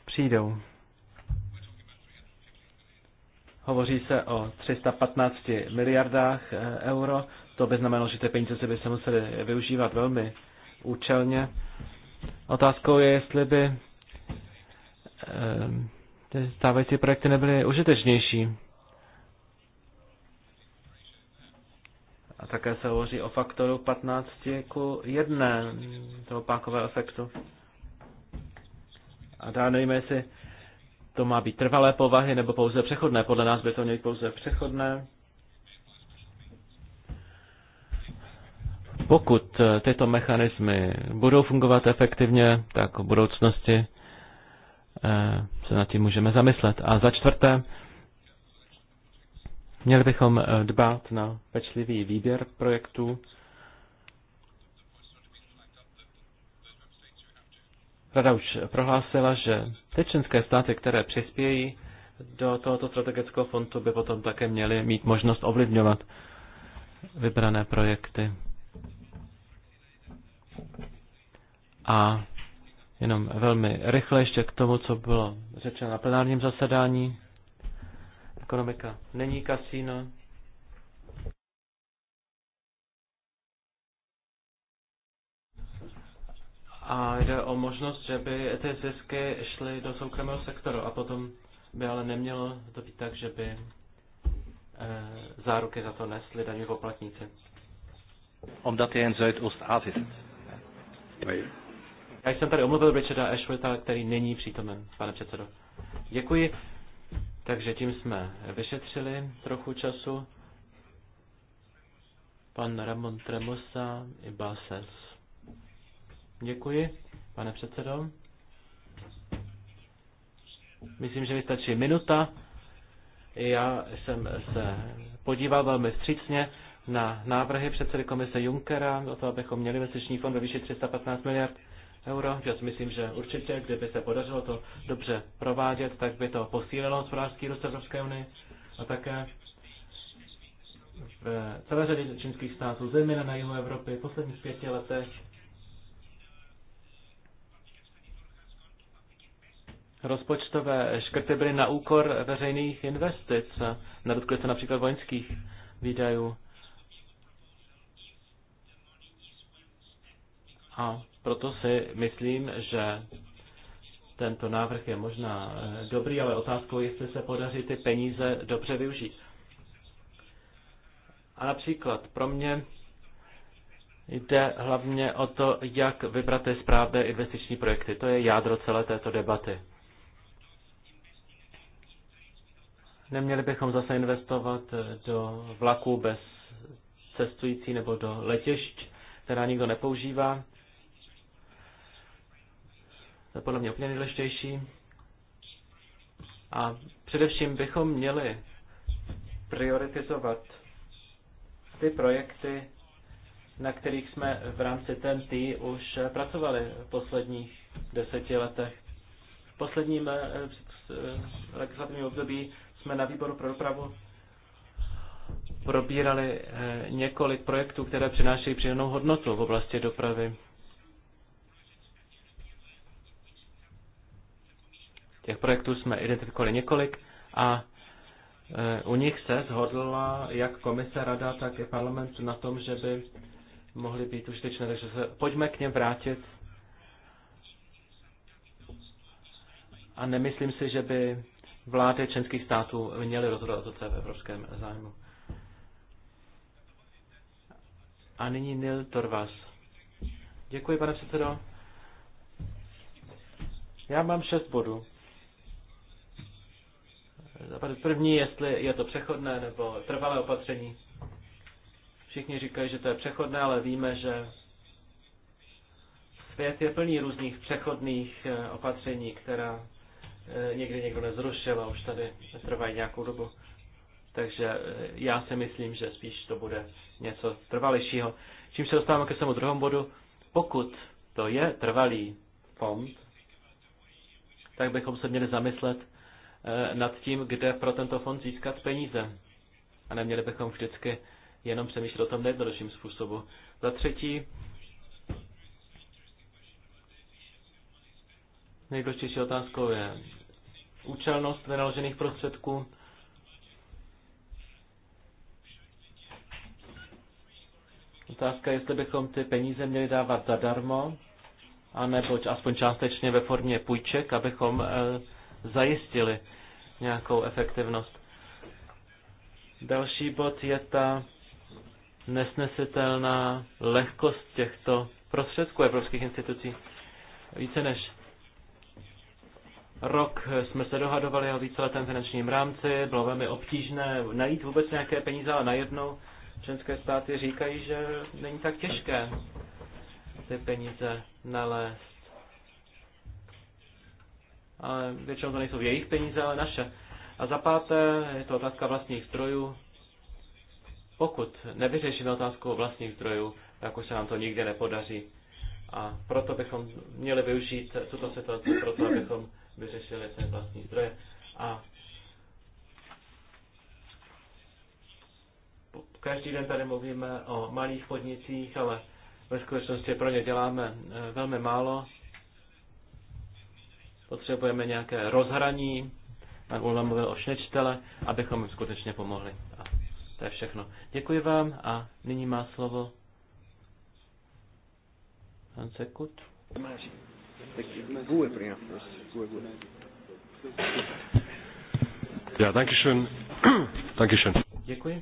přijdou. Hovoří se o 315 miliardách eh, euro. To by znamenalo, že ty peníze se by se museli využívat velmi účelně. Otázkou je, jestli by eh, ty stávající projekty nebyly užitečnější. A také se hovoří o faktoru 15 ku 1 toho pákového efektu. A dá nevíme, jestli to má být trvalé povahy nebo pouze přechodné. Podle nás by to mělo být pouze přechodné. Pokud eh, tyto mechanismy budou fungovat efektivně, tak v budoucnosti eh, se nad tím můžeme zamyslet. A za čtvrté, Měli bychom eh, dbát na pečlivý výběr projektů. Rada už prohlásila, že ty členské státy, které přispějí do tohoto strategického fondu, by potom také měly mít možnost ovlivňovat vybrané projekty. A jenom velmi rychle ještě k tomu, co bylo řečeno na plenárním zasedání. Ekonomika není kasíno. A jde o možnost, že by ty zisky šly do soukromého sektoru a potom by ale nemělo to být tak, že by eh, záruky za to nesly daní poplatníci. Omdat je jen Zuidoost-Azië Já jsem tady omluvil Richarda Ashworta, který není přítomen, pane předsedo. Děkuji. Takže tím jsme vyšetřili trochu času. Pan Ramon Tremosa i Bases. Děkuji, pane předsedo. Myslím, že mi stačí minuta. Já jsem se podíval velmi vstřícně na návrhy předsedy komise Junckera o to, abychom měli investiční fond ve výši 315 miliard euro. Já si myslím, že určitě, kdyby se podařilo to dobře provádět, tak by to posílilo hospodářský růst Evropské unie a také v celé řadě čínských států, zejména na jihu Evropy, v posledních pěti letech rozpočtové škrty byly na úkor veřejných investic, nedotkly se například vojenských výdajů. A proto si myslím, že tento návrh je možná eh, dobrý, ale otázkou je, jestli se podaří ty peníze dobře využít. A například pro mě jde hlavně o to, jak vybrat ty správné investiční projekty. To je jádro celé této debaty. Neměli bychom zase investovat eh, do vlaků bez cestující nebo do letišť, která nikdo nepoužívá. To je podle mě úplně nejležitější. A především bychom měli prioritizovat ty projekty, na kterých jsme v rámci TNT už pracovali v posledních deseti letech. V posledním eh, eh, legislativním období jsme na výboru pro dopravu probírali eh, několik projektů, které přinášejí přidanou hodnotu v oblasti dopravy. Těch projektů jsme identifikovali několik a e, u nich se zhodla jak komise, rada, tak i parlament na tom, že by mohly být užitečné. Takže se pojďme k něm vrátit. A nemyslím si, že by vlády členských států měly rozhodovat o co je v evropském zájmu. A nyní Nil Torvas. Děkuji, pane předsedo. Já mám šest bodů. První, jestli je to přechodné nebo trvalé opatření. Všichni říkají, že to je přechodné, ale víme, že svět je plný různých přechodných eh, opatření, která eh, někdy někdo nezrušil a už tady trvají nějakou dobu. Takže eh, já si myslím, že spíš to bude něco trvalějšího. Čím se dostáváme ke svému druhému bodu, pokud to je trvalý fond, tak bychom se měli zamyslet Eh, nad tím, kde pro tento fond získat peníze. A neměli bychom vždycky jenom přemýšlet o tom nejjednodušším způsobu. Za třetí, nejdůležitější otázkou je účelnost vynaložených prostředků. Otázka, jestli bychom ty peníze měli dávat zadarmo, anebo aspoň částečně ve formě půjček, abychom eh, zajistili nějakou efektivnost. Další bod je ta nesnesitelná lehkost těchto prostředků evropských institucí. Více než rok jsme se dohadovali o víceletém finančním rámci, bylo velmi obtížné najít vůbec nějaké peníze, ale najednou členské státy říkají, že není tak těžké ty peníze nalézt ale většinou to nejsou jejich peníze, ale naše. A za páté je to otázka vlastních zdrojů. Pokud nevyřešíme otázku vlastních zdrojů, tak už se nám to nikdy nepodaří. A proto bychom měli využít tuto situaci, proto abychom vyřešili své vlastní zdroje. A každý den tady mluvíme o malých podnicích, ale ve skutečnosti pro ně děláme eh, velmi málo. Potřebujeme nějaké rozhraní, pan Ulma mluvil o šnečtele, abychom jim skutečně pomohli. A to je všechno. Děkuji vám a nyní má slovo Pan Sekut. Ja, danke schön. danke schön. Děkuji.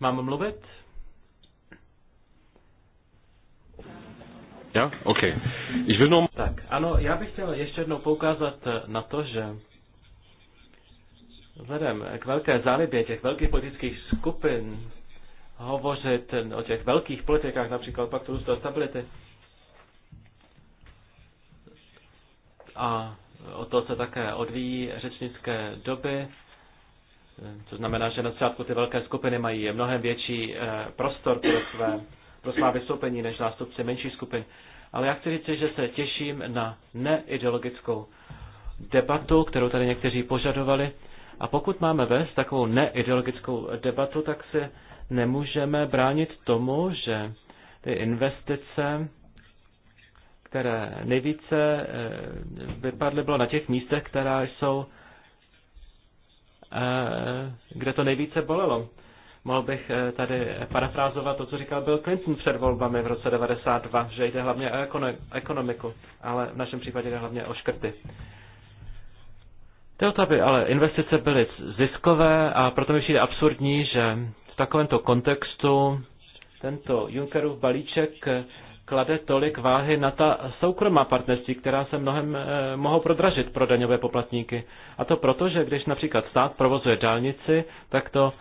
Mám mluvit? Ja? OK. Ich will nur... Tak, ano, já bych chtěl ještě jednou poukázat eh, na to, že vzhledem k velké zálibě těch velkých politických skupin hovořit o těch velkých politikách, například paktu růstu a stability, a o to se také odvíjí řečnické doby, to eh, znamená, že na začátku ty velké skupiny mají mnohem větší eh, prostor pro své pro svá vystoupení než zástupci menší skupin. Ale já chci říct, že se těším na neideologickou debatu, kterou tady někteří požadovali. A pokud máme vést takovou neideologickou debatu, tak se nemůžeme bránit tomu, že ty investice, které nejvíce eh, vypadly, bylo na těch místech, která jsou, eh, kde to nejvíce bolelo. Mohl bych eh, tady eh, parafrázovat to, co říkal Bill Clinton před volbami v roce 92, že jde hlavně o ekonomiku, ale v našem případě jde hlavně o škrty. Jde o to, aby ale investice byly ziskové a proto mi přijde absurdní, že v takovémto kontextu tento Junckerův balíček eh, klade tolik váhy na ta soukromá partnerství, která se mnohem eh, mohou prodražit pro daňové poplatníky. A to proto, že když například stát provozuje dálnici, tak to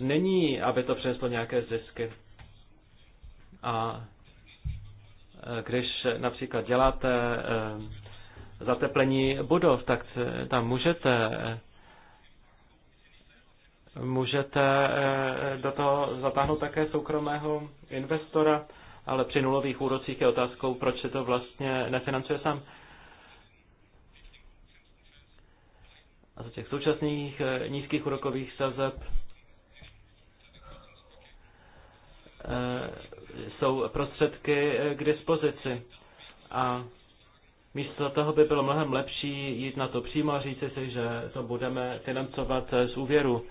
není, aby to přineslo nějaké zisky. A e, když například děláte e, zateplení budov, tak tam můžete můžete e, do toho zatáhnout také soukromého investora, ale při nulových úrocích je otázkou, proč se to vlastně nefinancuje sám. A za těch současných nízkých úrokových sazeb Eh, jsou prostředky eh, k dispozici. A místo toho by bylo mnohem lepší jít na to přímo a říci si, že to budeme financovat eh, z úvěru.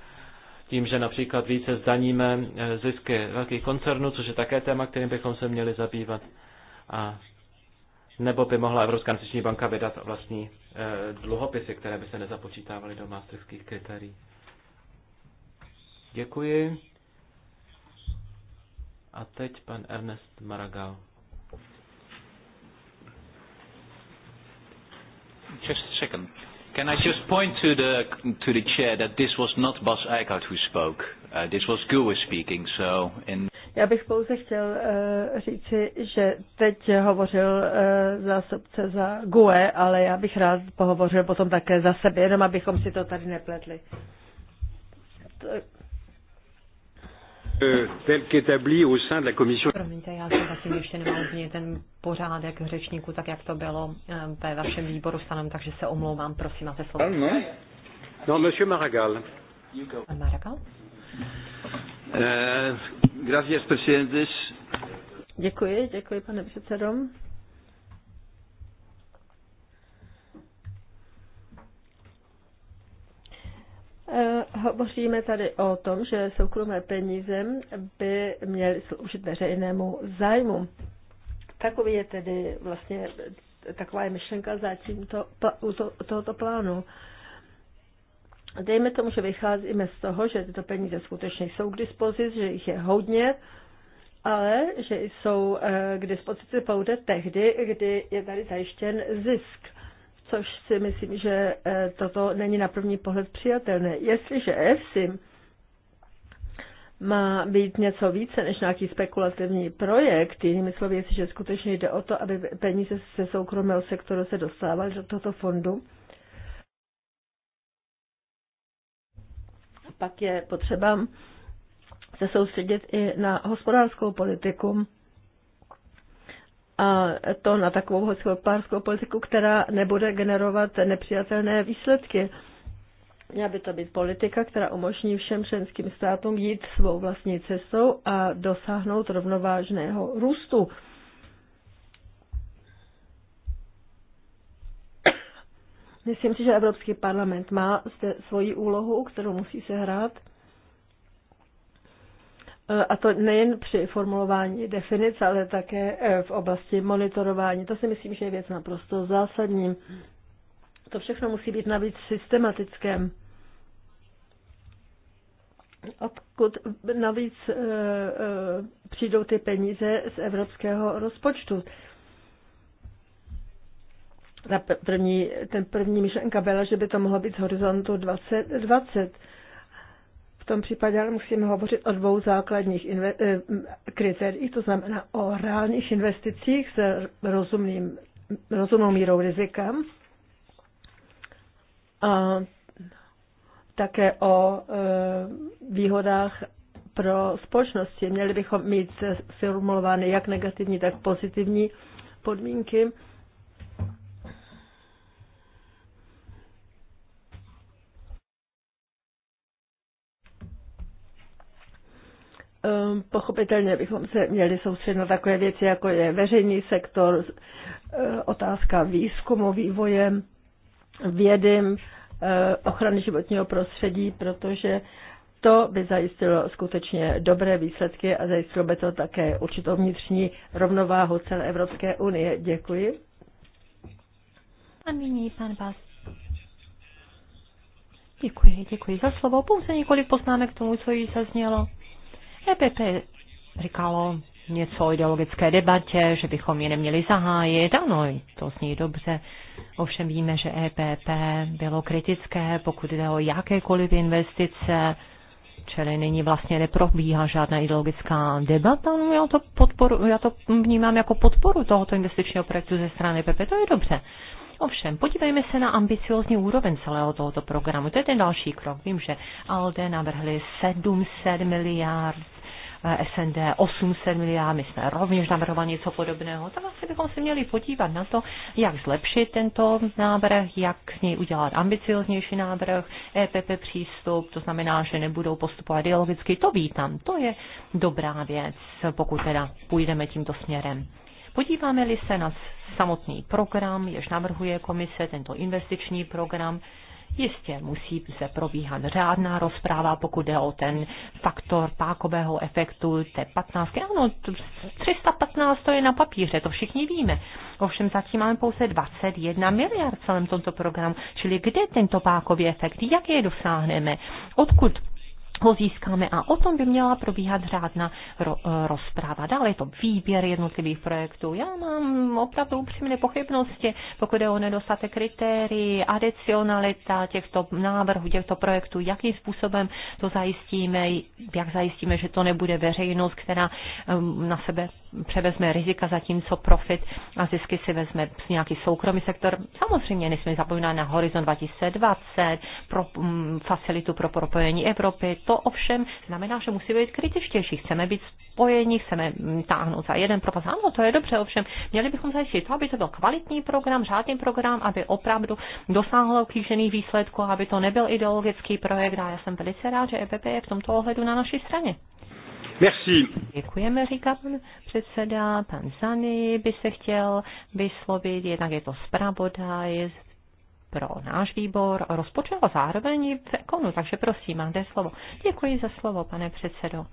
Tím, že například více zdaníme zisky velkých koncernů, což je také téma, kterým bychom se měli zabývat. A nebo by mohla Evropská investiční banka vydat vlastní dluhopisy, které by se nezapočítávaly do maastrichtských kritérií. Děkuji. A teď pan Ernest Maragal. Just a second. Can I just point to the to the chair that this was not Bas Eickhout who spoke. Uh, this was Gue speaking. So in. Já bych pouze chtěl uh, říci, že teď hovořil uh, zásobce za GUE, ale já bych rád pohovořil potom také za sebe, jenom abychom si to tady nepletli. To Euh, tel qu'établi au sein de la commission. Promiňte, já jsem zatím ještě nemal změnit ten pořádek řečníku, tak jak to bylo eh, ve vašem výboru stanem, takže se omlouvám, prosím, máte slovo. Ano. No, no monsieur Maragall. Pan Maragall? Uh, gracias, presidentes. Děkuji, děkuji, pane předsedom. Eh, hovoříme tady o tom, že soukromé peníze by měly sloužit veřejnému zájmu. Takový je tedy vlastně taková je myšlenka zatím to, u to, tohoto plánu. Dejme tomu, že vycházíme z toho, že tyto peníze skutečně jsou k dispozici, že jich je hodně, ale že jsou eh, k dispozici pouze tehdy, kdy je tady zajištěn zisk což si myslím, že eh, toto není na první pohled přijatelné. Jestliže EFSIM má být něco více než nějaký spekulativní projekt, jinými slovy, jestliže skutečně jde o to, aby peníze ze soukromého sektoru se dostávaly do tohoto fondu, pak je potřeba se soustředit i na hospodářskou politiku a to na takovou hospodářskou politiku, která nebude generovat nepřijatelné výsledky. Měla by to být politika, která umožní všem členským státům jít svou vlastní cestou a dosáhnout rovnovážného růstu. Myslím si, že Evropský parlament má zde svoji úlohu, kterou musí se hrát. E, a to nejen při formulování definic, ale také e, v oblasti monitorování. To si myslím, že je věc naprosto zásadní. To všechno musí být navíc systematické. Odkud navíc e, přijdou ty peníze z evropského rozpočtu? Ta první, ten první myšlenka byla, že by to mohlo být z horizontu 2020 tom případě ale musíme hovořit o dvou základních eh, kritériích, to znamená o reálných investicích s rozumným, rozumnou mírou rizika a také o eh, výhodách pro společnosti. Měli bychom mít formulovány jak negativní, tak pozitivní podmínky Ehm, pochopitelně bychom se měli soustředit na takové věci, jako je veřejný sektor, eh, otázka výzkumu, vývoje, vědy, eh, ochrany životního prostředí, protože to by zajistilo skutečně dobré výsledky a zajistilo by to také určitou vnitřní rovnováhu celé Evropské unie. Děkuji. A nyní pan Bas. Děkuji, děkuji za slovo. Pouze několik poznámek k tomu, co již zaznělo. EPP říkalo něco o ideologické debatě, že bychom ji neměli zahájit. Ano, to zní dobře. Ovšem víme, že EPP bylo kritické, pokud jde o jakékoliv investice, čili nyní vlastně neprobíhá žádná ideologická debata. No, já, to podporu, já to vnímám jako podporu tohoto investičního projektu ze strany EPP, to je dobře. Ovšem, podívejme se na ambiciózní úroveň celého tohoto programu. To je ten další krok. Vím, že ALDE navrhli 700 miliard SND 800 miliard, my jsme rovněž navrhovali něco podobného, tak asi bychom se měli podívat na to, jak zlepšit tento návrh, jak z něj udělat ambicioznější návrh, EPP přístup, to znamená, že nebudou postupovat ideologicky, to vítám, to je dobrá věc, pokud teda půjdeme tímto směrem. Podíváme-li se na samotný program, jež navrhuje komise, tento investiční program, Jistě musí se probíhat řádná rozpráva, pokud jde o ten faktor pákového efektu t 15. Ano, 315 to je na papíře, to všichni víme. Ovšem zatím máme pouze 21 miliard v celém tomto programu. Čili kde tento pákový efekt, jak je dosáhneme, odkud ho získáme a o tom by měla probíhat řádná ro, eh, rozpráva. Dále je to výběr jednotlivých projektů. Já mám opravdu upřímné pochybnosti, pokud je o nedostatek kritérií, adicionalita těchto návrhů, těchto projektů, jakým způsobem to zajistíme, jak zajistíme, že to nebude veřejnost, která ehm, na sebe převezme rizika, zatímco profit a zisky si vezme nějaký soukromý sektor. Samozřejmě nesmíme zapomínat na Horizon 2020, pro, mm, facilitu pro propojení Evropy, to ovšem znamená, že musí být kritičtější, chceme být spojení, chceme táhnout za jeden propas. Ano, to je dobře, ovšem měli bychom zajistit to, aby to byl kvalitní program, řádný program, aby opravdu dosáhlo kýžených výsledků, aby to nebyl ideologický projekt a já jsem velice rád, že EPP je v tomto ohledu na naší straně. Merci. Děkujeme, říká pan předseda. Pan Zany by se chtěl vyslovit, jednak je to zpravodaj pro náš výbor rozpočet a zároveň i v ekonu. Takže prosím, máte slovo. Děkuji za slovo, pane předsedo.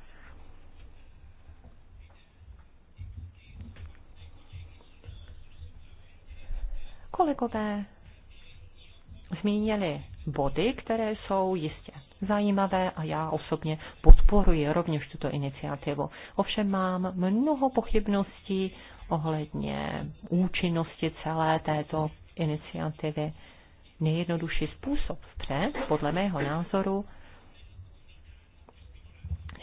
Kolegové zmínili body, které jsou jistě zajímavé a já osobně podporuji rovněž tuto iniciativu. Ovšem mám mnoho pochybností ohledně účinnosti celé této iniciativy nejjednodušší způsob vpřed, podle mého názoru,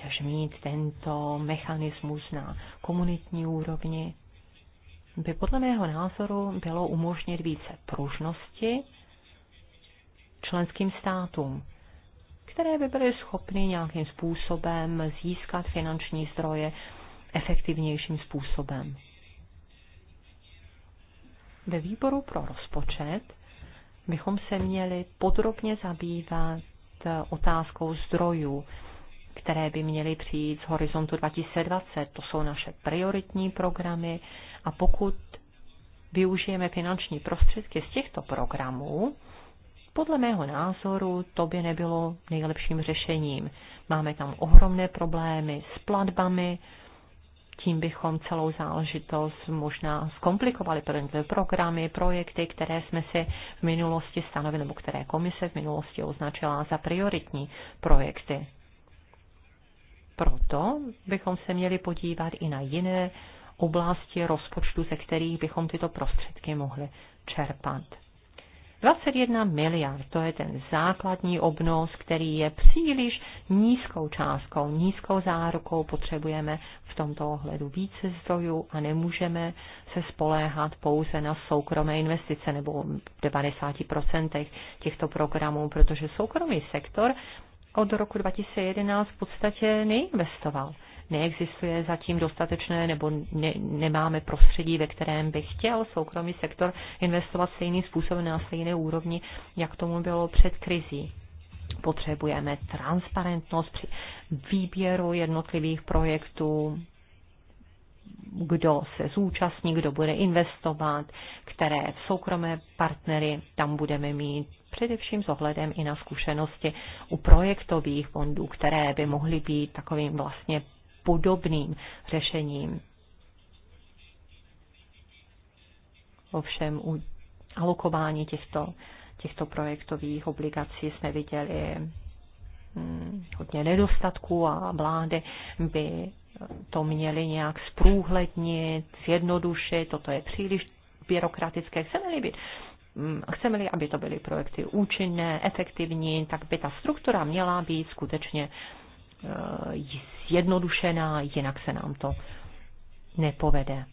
až mít tento mechanismus na komunitní úrovni, by podle mého názoru bylo umožnit více pružnosti členským státům, které by byly schopny nějakým způsobem získat finanční zdroje efektivnějším způsobem. Ve výboru pro rozpočet bychom se měli podrobně zabývat otázkou zdrojů, které by měly přijít z horizontu 2020. To jsou naše prioritní programy a pokud využijeme finanční prostředky z těchto programů, podle mého názoru to by nebylo nejlepším řešením. Máme tam ohromné problémy s platbami, tím bychom celou záležitost možná zkomplikovali pro programy, projekty, které jsme si v minulosti stanovili, nebo které komise v minulosti označila za prioritní projekty. Proto bychom se měli podívat i na jiné oblasti rozpočtu, ze kterých bychom tyto prostředky mohli čerpat. 21 miliard, to je ten základní obnos, který je příliš nízkou částkou, nízkou zárukou. Potřebujeme v tomto ohledu více zdrojů a nemůžeme se spoléhat pouze na soukromé investice nebo v 90% těchto programů, protože soukromý sektor od roku 2011 v podstatě neinvestoval neexistuje zatím dostatečné nebo ne, nemáme prostředí, ve kterém by chtěl soukromý sektor investovat stejným způsobem na stejné úrovni, jak tomu bylo před krizí. Potřebujeme transparentnost při výběru jednotlivých projektů, kdo se zúčastní, kdo bude investovat, které soukromé partnery tam budeme mít, především s ohledem i na zkušenosti u projektových fondů, které by mohly být takovým vlastně podobným řešením. Ovšem u alokování těchto, těchto projektových obligací jsme viděli hm, hodně nedostatků a vlády by to měly nějak zprůhlednit, zjednodušit, toto je příliš byrokratické. Chceme-li být hm, chceme-li, aby to byly projekty účinné, efektivní, tak by ta struktura měla být skutečně Eh, zjednodušená, jinak se nám to nepovede.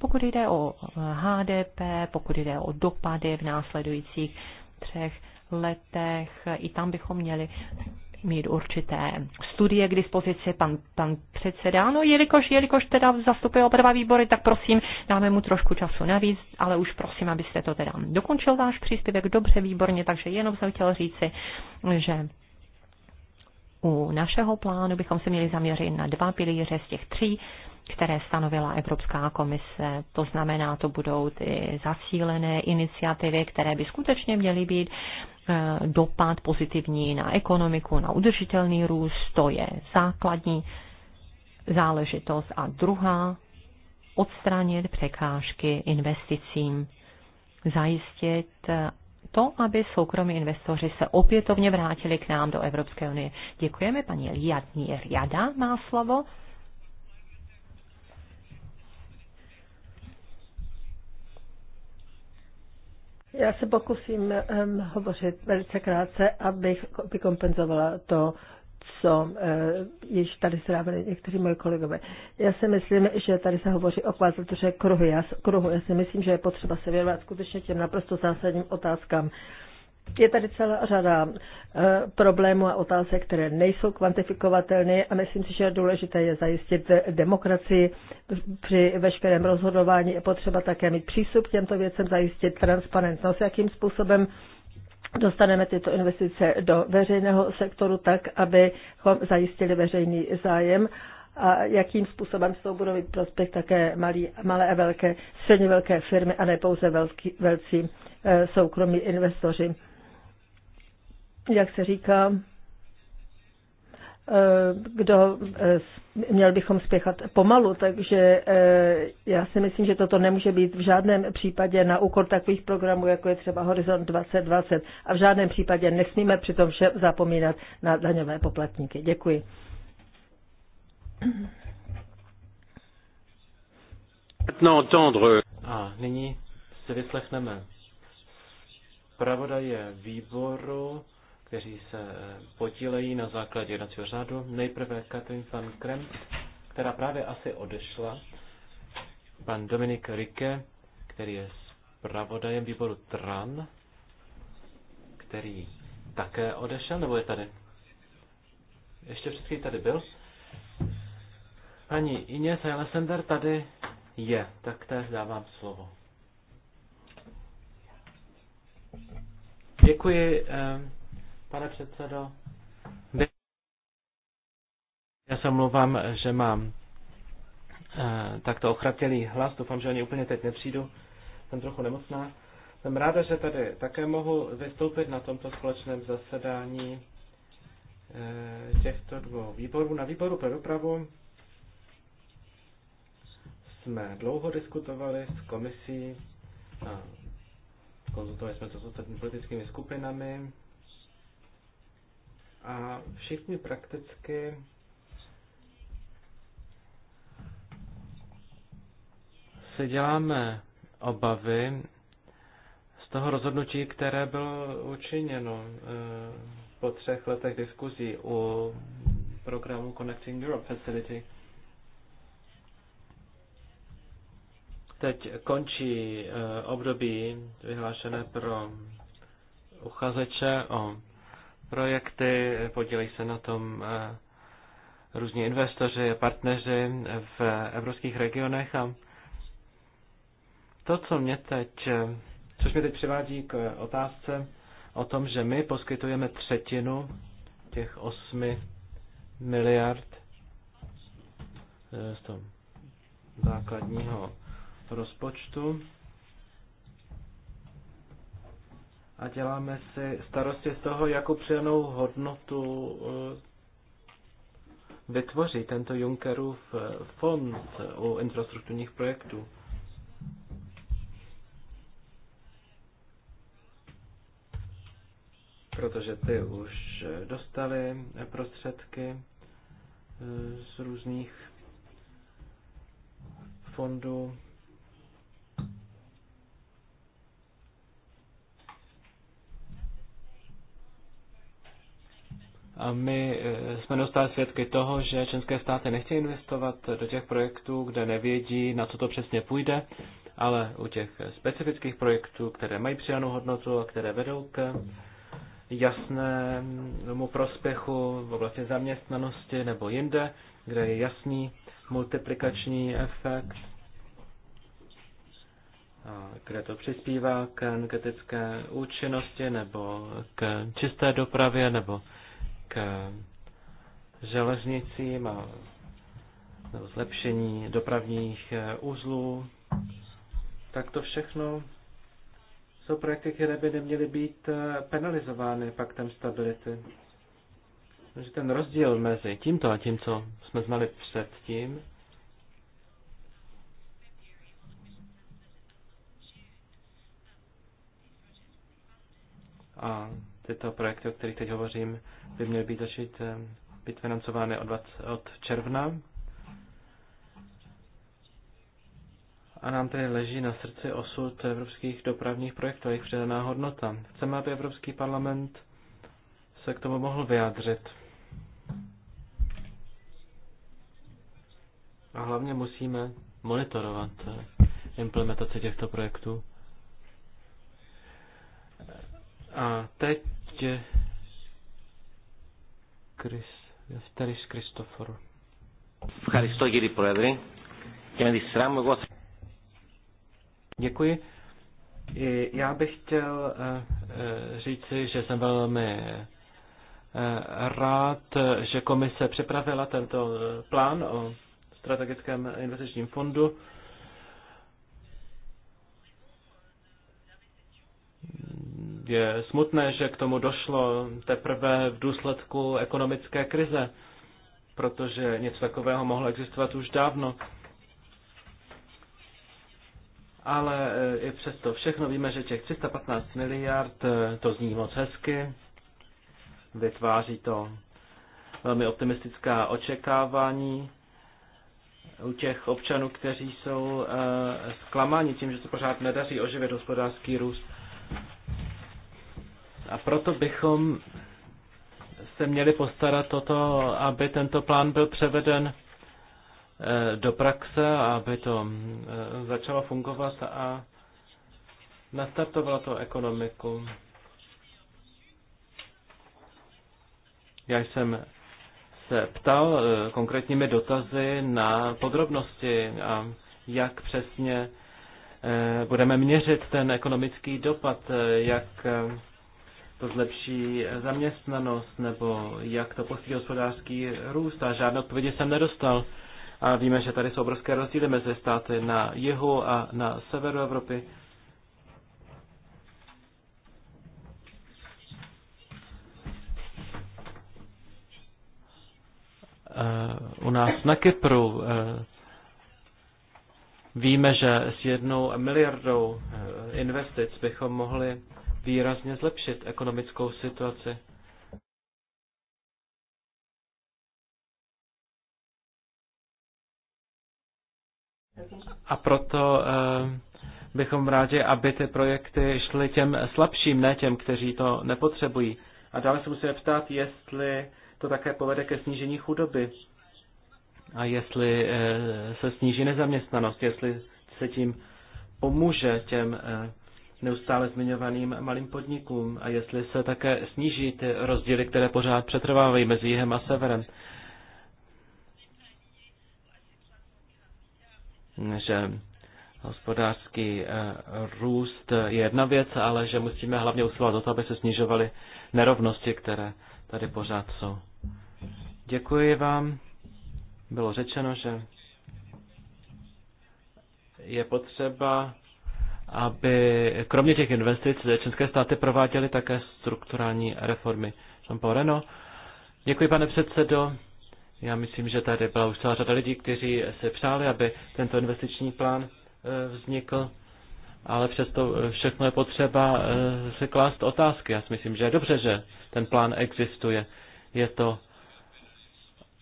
Pokud jde o HDP, eh, pokud jde o dopady v následujících třech letech, i tam bychom měli mít určité studie k dispozici, pan, pan předseda. Ano, jelikož, jelikož teda zastupuje oba dva výbory, tak prosím, dáme mu trošku času navíc, ale už prosím, abyste to teda dokončil váš příspěvek dobře, výborně, takže jenom jsem chtěl říci, že u našeho plánu bychom se měli zaměřit na dva pilíře z těch tří, které stanovila Evropská komise. To znamená, to budou ty zasílené iniciativy, které by skutečně měly být Eh, dopad pozitivní na ekonomiku, na udržitelný růst, to je základní záležitost. A druhá, odstranit překážky investicím, zajistit eh, to, aby soukromí investoři se opětovně vrátili k nám do Evropské unie. Děkujeme, paní Liadnier Jada má slovo. Já se pokusím um, hovořit velice krátce, abych vykompenzovala to, co uh, již tady zrávili někteří moji kolegové. Já si myslím, že tady se hovoří o kvadratuře kruhu. Já, kruhu. Já si myslím, že je potřeba se věnovat skutečně těm naprosto zásadním otázkám. Uh, je tady celá řada eh, problémů a otázek, které nejsou kvantifikovatelné a myslím si, že je důležité je zajistit demokracii při veškerém rozhodování. Je potřeba také mít přístup k těmto věcem, zajistit transparentnost, jakým způsobem dostaneme tyto investice do veřejného sektoru tak, abychom zajistili veřejný zájem a jakým způsobem s tou budou mít prospěch také malý, malé a velké, středně velké firmy a ne pouze velký, velcí eh, soukromí investoři jak se říká, eh, kdo eh, měl bychom spěchat pomalu, takže eh, já si myslím, že toto nemůže být v žádném případě na úkor takových programů, jako je třeba Horizont 2020 a v žádném případě nesmíme přitom vše zapomínat na daňové poplatníky. Děkuji. A nyní si vyslechneme je, výboru kteří se eh, podílejí na základě jednacího řádu. Nejprve Katrin van Krem, která právě asi odešla. Pan Dominik Rike, který je zpravodajem výboru TRAN, který také odešel, nebo je tady? Ještě před tady byl. Paní Ines Alessandr tady je, tak té dávám slovo. Děkuji. Eh, pane předsedo. Já se omlouvám, že mám eh, takto ochratělý hlas. Doufám, že ani úplně teď nepřijdu. Jsem trochu nemocná. Jsem ráda, že tady také mohu vystoupit na tomto společném zasedání eh, těchto dvou výborů. Na výboru pro dopravu jsme dlouho diskutovali s komisí a konzultovali jsme to s ostatními politickými skupinami a všichni prakticky si děláme obavy z toho rozhodnutí, které bylo učiněno eh, po třech letech diskuzí u programu Connecting Europe Facility. Teď končí eh, období vyhlášené pro uchazeče o projekty, podílejí se na tom eh, různí investoři, partneři v evropských regionech a to, co mě teď, eh, což mě teď přivádí k otázce o tom, že my poskytujeme třetinu těch 8 miliard eh, z toho základního rozpočtu. a děláme si starosti z toho, jakou přijenou hodnotu eh, vytvoří tento Junckerův eh, fond u infrastrukturních projektů. Protože ty už eh, dostali prostředky z různých fondů. A my eh, jsme dostali svědky toho, že české státy nechtějí investovat do těch projektů, kde nevědí, na co to přesně půjde, ale u těch specifických projektů, které mají přidanou hodnotu a které vedou k jasnému prospěchu v oblasti zaměstnanosti nebo jinde, kde je jasný multiplikační efekt, kde to přispívá k energetické účinnosti nebo k čisté dopravě nebo k železnicím a zlepšení dopravních eh, uzlů, tak to všechno jsou projekty, které by neměly být eh, penalizovány paktem stability. Takže ten rozdíl mezi tímto a tím, co jsme znali předtím, a tyto projekty, o kterých teď hovořím, by měly být začít eh, být financovány od, 20, od června. A nám tedy leží na srdci osud evropských dopravních projektů a jejich předaná hodnota. Chceme, aby Evropský parlament se k tomu mohl vyjádřit. A hlavně musíme monitorovat eh, implementaci těchto projektů. A teď ještě Chris, Jeftaris Kristoforu. Ευχαριστώ κύριε Πρόεδρε και με τη σειρά μου εγώ Děkuji. Já bych chtěl eh, eh, říci, že jsem velmi eh, rád, že komise připravila tento plán o strategickém investičním fondu. Je smutné, že k tomu došlo teprve v důsledku ekonomické krize, protože něco takového mohlo existovat už dávno. Ale eh, i přesto všechno víme, že těch 315 miliard, eh, to zní moc hezky, vytváří to velmi optimistická očekávání u těch občanů, kteří jsou eh, zklamáni tím, že se pořád nedaří oživit hospodářský růst. A proto bychom se měli postarat o to, aby tento plán byl převeden eh, do praxe, aby to eh, začalo fungovat a nastartovalo to ekonomiku. Já jsem se ptal eh, konkrétními dotazy na podrobnosti a jak přesně budeme měřit ten ekonomický dopad, jak to zlepší zaměstnanost, nebo jak to posílí hospodářský růst. A žádné odpovědi jsem nedostal. A víme, že tady jsou obrovské rozdíly mezi státy na jihu a na severu Evropy. Eh, u nás na Kypru eh, víme, že s jednou miliardou eh, investic bychom mohli výrazně zlepšit ekonomickou situaci. A proto eh, bychom rádi, aby ty projekty šly těm slabším, ne těm, kteří to nepotřebují. A dále se musíme ptát, jestli to také povede ke snížení chudoby a jestli eh, se sníží nezaměstnanost, jestli se tím pomůže těm eh, neustále zmiňovaným malým podnikům a jestli se také sníží ty rozdíly, které pořád přetrvávají mezi jihem a severem. Že hospodářský eh, růst je jedna věc, ale že musíme hlavně usilovat o to, aby se snižovaly nerovnosti, které tady pořád jsou. Děkuji vám. Bylo řečeno, že je potřeba aby kromě těch investic české státy prováděly také strukturální reformy. Jsem Poreno. Děkuji, pane předsedo. Já myslím, že tady byla už celá řada lidí, kteří se přáli, aby tento investiční plán eh, vznikl, ale přesto eh, všechno je potřeba eh, se klást otázky. Já si myslím, že je dobře, že ten plán existuje. Je to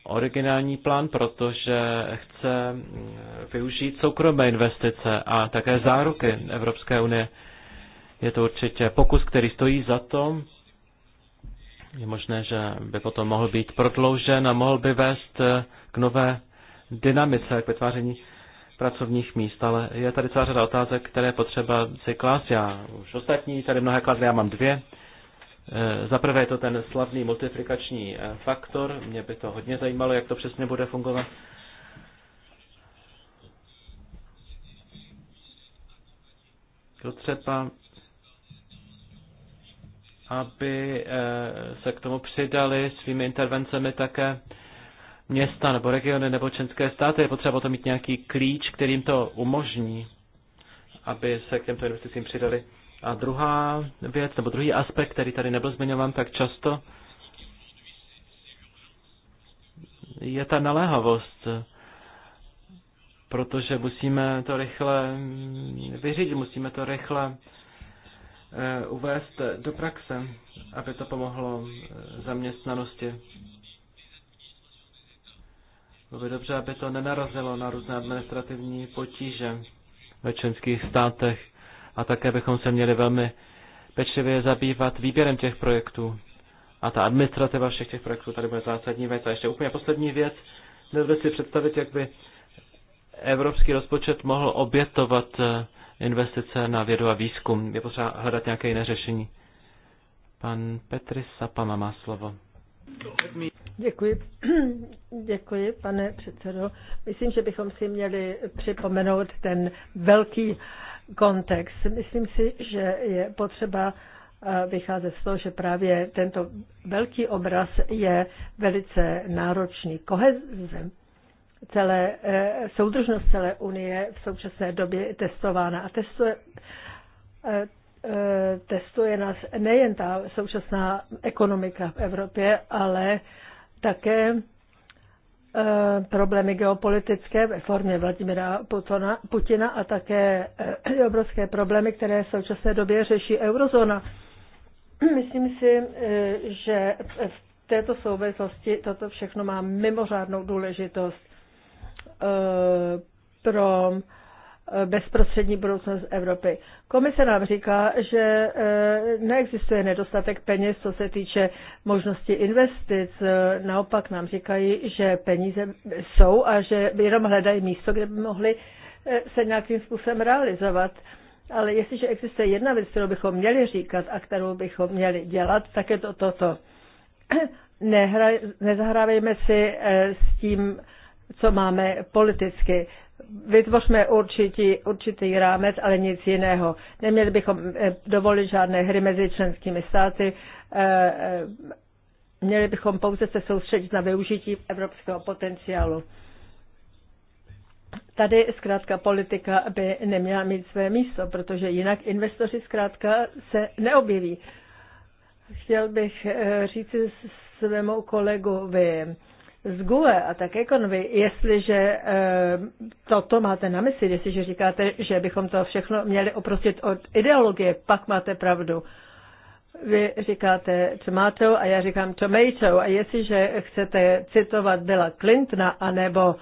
originální plán, protože chce mm, využít soukromé investice a také záruky Evropské unie. Je to určitě pokus, který stojí za to. Je možné, že by potom mohl být prodloužen a mohl by vést eh, k nové dynamice, k vytváření pracovních míst, ale je tady celá řada otázek, které potřeba si klást. Já už ostatní, tady mnohé klást, já mám dvě. Eh, za prvé je to ten slavný multiplikační eh, faktor. Mě by to hodně zajímalo, jak to přesně bude fungovat. To třeba, aby eh, se k tomu přidali svými intervencemi také města nebo regiony nebo členské státy. Je potřeba to mít nějaký klíč, kterým to umožní, aby se k těmto investicím přidali. A druhá věc, nebo druhý aspekt, který tady nebyl zmiňován tak často, je ta naléhavost, protože musíme to rychle vyřídit, musíme to rychle eh, uvést do praxe, aby to pomohlo eh, zaměstnanosti. Bylo by dobře, aby to nenarazilo na různé administrativní potíže ve členských státech a také bychom se měli velmi pečlivě zabývat výběrem těch projektů. A ta administrativa všech těch projektů tady bude zásadní věc. A ještě úplně poslední věc, Nelze si představit, jak by evropský rozpočet mohl obětovat eh, investice na vědu a výzkum. Je potřeba hledat nějaké jiné řešení. Pan Petris Sapama má slovo. Děkuji. Děkuji, pane předsedo. Myslím, že bychom si měli připomenout ten velký kontext. Myslím si, že je potřeba eh, vycházet z toho, že právě tento velký obraz je velice náročný. Koheze celé, eh, soudržnost celé Unie v současné době je testována a testuje, eh, testuje nás nejen ta současná ekonomika v Evropě, ale také Eh, problémy geopolitické ve formě Vladimira Putona, Putina a také eh, obrovské problémy, které v současné době řeší eurozóna. Myslím si, eh, že v této souvislosti toto všechno má mimořádnou důležitost pro Eh, bezprostřední budoucnost Evropy. Komise nám říká, že eh, neexistuje nedostatek peněz, co se týče možnosti investic. Naopak nám říkají, že peníze jsou a že jenom hledají místo, kde by mohly eh, se nějakým způsobem realizovat. Ale jestliže existuje jedna věc, kterou bychom měli říkat a kterou bychom měli dělat, tak je to toto. Nehra, nezahrávejme si s tím, co máme politicky vytvořme určitý, určitý rámec, ale nic jiného. Neměli bychom eh, dovolit žádné hry mezi členskými státy. Eh, eh, měli bychom pouze se soustředit na využití evropského potenciálu. Tady zkrátka politika by neměla mít své místo, protože jinak investoři zkrátka se neobjeví. Chtěl bych říct svému kolegovi, z Gule a také konvy, jestliže e, toto máte na mysli, jestliže říkáte, že bychom to všechno měli oprostit od ideologie, pak máte pravdu. Vy říkáte tomato a já říkám tomato a jestliže chcete citovat Billa Clintona anebo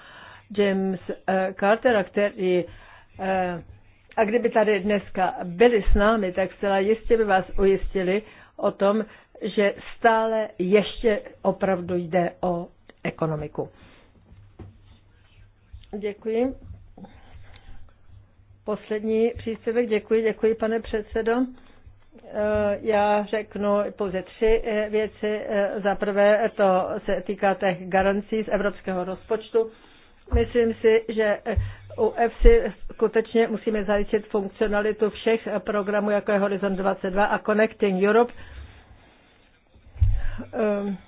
James e, Cartera, který e, a kdyby tady dneska byli s námi, tak zcela jistě by vás ujistili o tom, že stále ještě opravdu jde o ekonomiku. Děkuji. Poslední příspěvek. Děkuji, děkuji, pane předsedo. Eh, já řeknu pouze tři eh, věci. Eh, za prvé to se týká těch garancí z evropského rozpočtu. Myslím si, že u EFSI skutečně musíme zajistit funkcionalitu všech programů, jako je Horizon 22 a Connecting Europe. Um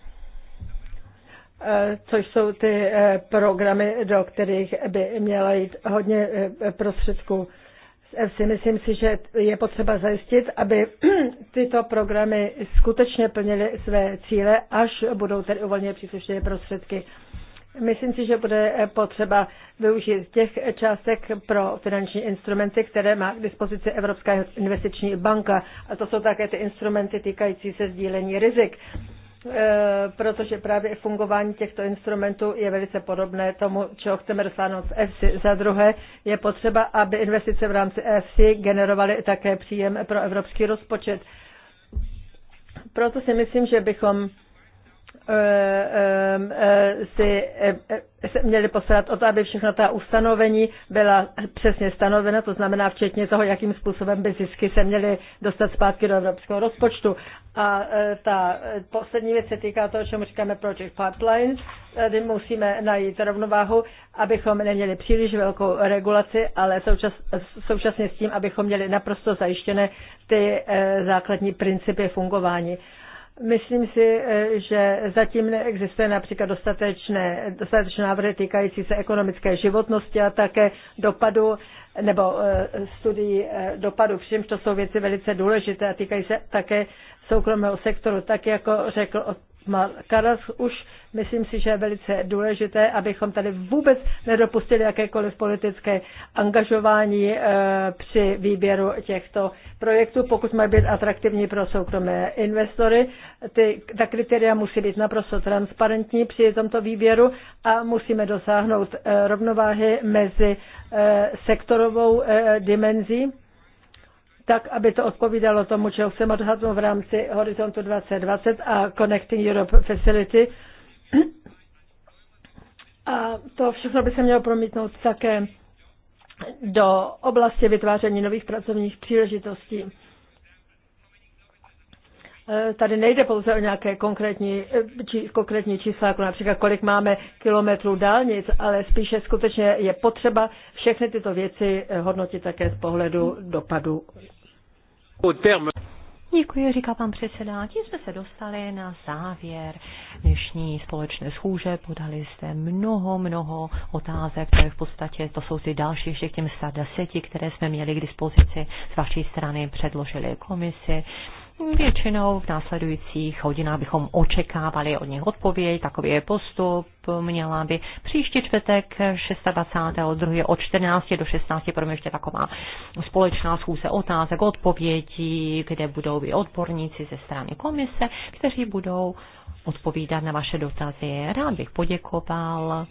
což jsou ty eh, programy, do kterých by měla jít hodně eh, prostředků z Myslím si, že je potřeba zajistit, aby tyto programy skutečně plnily své cíle, až budou tedy uvolněny příslušné prostředky. Myslím si, že bude eh, potřeba využít těch částek pro finanční instrumenty, které má k dispozici Evropská investiční banka. A to jsou také ty instrumenty týkající se sdílení rizik. Eh, protože právě fungování těchto instrumentů je velice podobné tomu, čeho chceme dosáhnout z EFSI. Za druhé je potřeba, aby investice v rámci EFSI generovaly také příjem pro evropský rozpočet. Proto si myslím, že bychom eh, eh, si měli postarat o to, aby všechno ta ustanovení byla přesně stanovena, to znamená včetně toho, jakým způsobem by zisky se měly dostat zpátky do evropského rozpočtu. A e, ta e, poslední věc se týká toho, čemu říkáme Project Pipeline. Tady e, musíme najít rovnováhu, abychom neměli příliš velkou regulaci, ale součas, současně s tím, abychom měli naprosto zajištěné ty základní principy fungování. Myslím si, eh, že zatím neexistuje například dostatečné, dostatečné návrhy týkající se ekonomické životnosti a také dopadu nebo eh, studií eh, dopadu. Všem to jsou věci velice důležité a týkají se také soukromého sektoru, tak jako řekl Karas už myslím si, že je velice důležité, abychom tady vůbec nedopustili jakékoliv politické angažování eh, při výběru těchto projektů, pokud mají být atraktivní pro soukromé investory. Ty, ta kritéria musí být naprosto transparentní při tomto výběru a musíme dosáhnout eh, rovnováhy mezi eh, sektorovou dimenzí tak, aby to odpovídalo tomu, čeho jsem odhadnout v rámci Horizontu 2020 a Connecting Europe Facility. A to všechno by se mělo promítnout také do oblasti vytváření nových pracovních příležitostí. Eh, tady nejde pouze o nějaké konkrétní, eh, či, konkrétní čísla, jako například kolik máme kilometrů dálnic, ale spíše skutečně je potřeba všechny tyto věci eh, hodnotit také z pohledu dopadu. Děkuji, říká pan předseda. Tím jsme se dostali na závěr dnešní společné schůže. Podali jste mnoho, mnoho otázek, které v podstatě to jsou ty další ještě k těm 110, které jsme měli k dispozici z vaší strany, předložili komisi. Většinou v následujících hodinách bychom očekávali od nich odpověď, takový je postup, měla by příští čtvrtek 26.2. od 14 do 16, pro ještě taková společná schůze otázek, odpovědí, kde budou i odborníci ze strany komise, kteří budou odpovídat na vaše dotazy. Rád bych poděkoval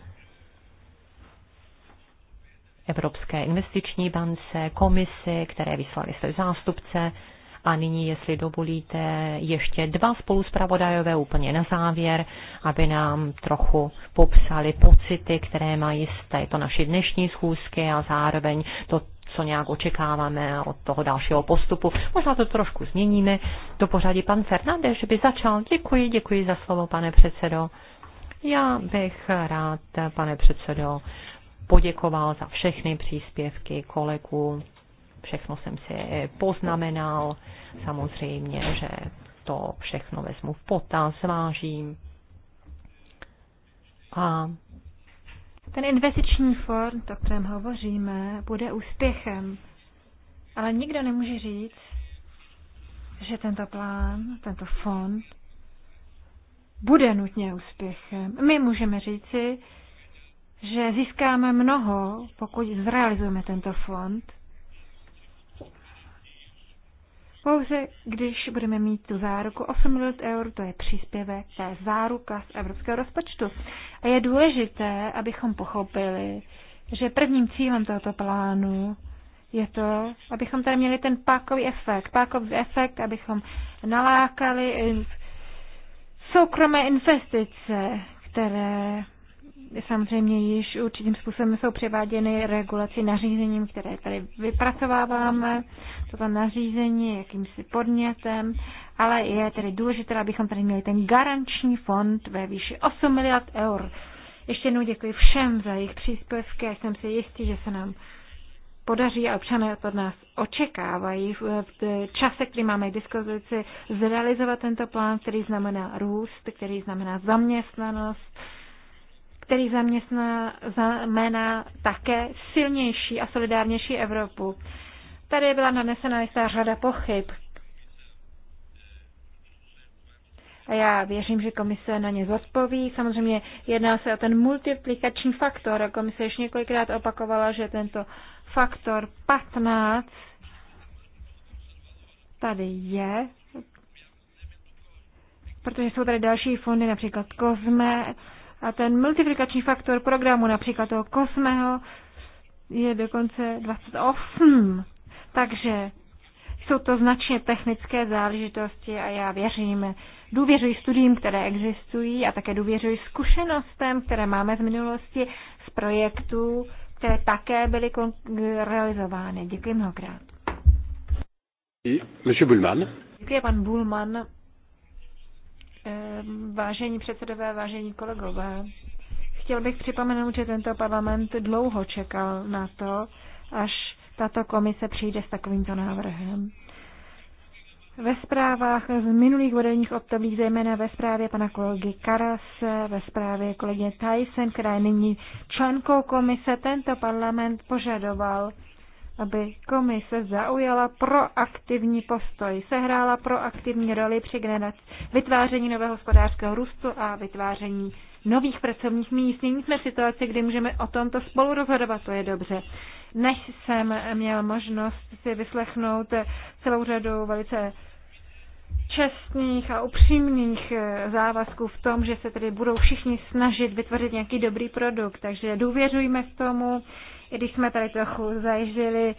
Evropské investiční bance, komisi, které vyslali své zástupce, a nyní, jestli dovolíte, ještě dva spoluspravodajové úplně na závěr, aby nám trochu popsali pocity, které mají z této naší dnešní schůzky a zároveň to, co nějak očekáváme od toho dalšího postupu. Možná to trošku změníme. Do pořadí pan Fernández. by začal. Děkuji, děkuji za slovo, pane předsedo. Já bych rád, pane předsedo, poděkoval za všechny příspěvky kolegů všechno jsem si eh, poznamenal. Samozřejmě, že to všechno vezmu v potaz, vážím. A ten investiční fond, o kterém hovoříme, bude úspěchem. Ale nikdo nemůže říct, že tento plán, tento fond bude nutně úspěchem. My můžeme říci, že získáme mnoho, pokud zrealizujeme tento fond, pouze když budeme mít tu záruku 8 milionů eur, to je příspěvek, to je záruka z evropského rozpočtu. A je důležité, abychom pochopili, že prvním cílem tohoto plánu je to, abychom tady měli ten pákový efekt. Pákový efekt, abychom nalákali soukromé investice, které samozřejmě již určitým způsobem jsou převáděny regulaci nařízením, které tady vypracováváme, toto nařízení jakýmsi podnětem, ale je tedy důležité, abychom tady měli ten garanční fond ve výši 8 miliard eur. Ještě jednou děkuji všem za jejich příspěvky a jsem si jistý, že se nám podaří a občané to od nás očekávají v čase, který máme k dispozici, zrealizovat tento plán, který znamená růst, který znamená zaměstnanost, který zaměstná, znamená také silnější a solidárnější Evropu. Tady byla nanesena jistá řada pochyb. A já věřím, že komise na ně zodpoví. Samozřejmě jedná se o ten multiplikační faktor. Komise ještě několikrát opakovala, že tento faktor 15 tady je, protože jsou tady další fondy, například COSME, a ten multiplikační faktor programu, například toho kosmého, je dokonce 28. Takže jsou to značně technické záležitosti a já věřím, důvěřuji studiím, které existují a také důvěřuji zkušenostem, které máme z minulosti, z projektů, které také byly realizovány. Děkuji mnohokrát. Děkuji, pan Bulman? Ehm, vážení předsedové, vážení kolegové, chtěl bych připomenout, že tento parlament dlouho čekal na to, až tato komise přijde s takovýmto návrhem. Ve zprávách z minulých vodelních období, zejména ve zprávě pana kolegy Karase, ve zprávě kolegyně Tyson, která je nyní členkou komise, tento parlament požadoval aby komise zaujala proaktivní postoj, sehrála proaktivní roli při vytváření nového hospodářského růstu a vytváření nových pracovních míst. Nyní jsme v situaci, kdy můžeme o tomto spolu rozhodovat, to je dobře. Než jsem měl možnost si vyslechnout celou řadu velice čestných a upřímných závazků v tom, že se tedy budou všichni snažit vytvořit nějaký dobrý produkt. Takže důvěřujme v tomu, i když jsme tady trochu zažili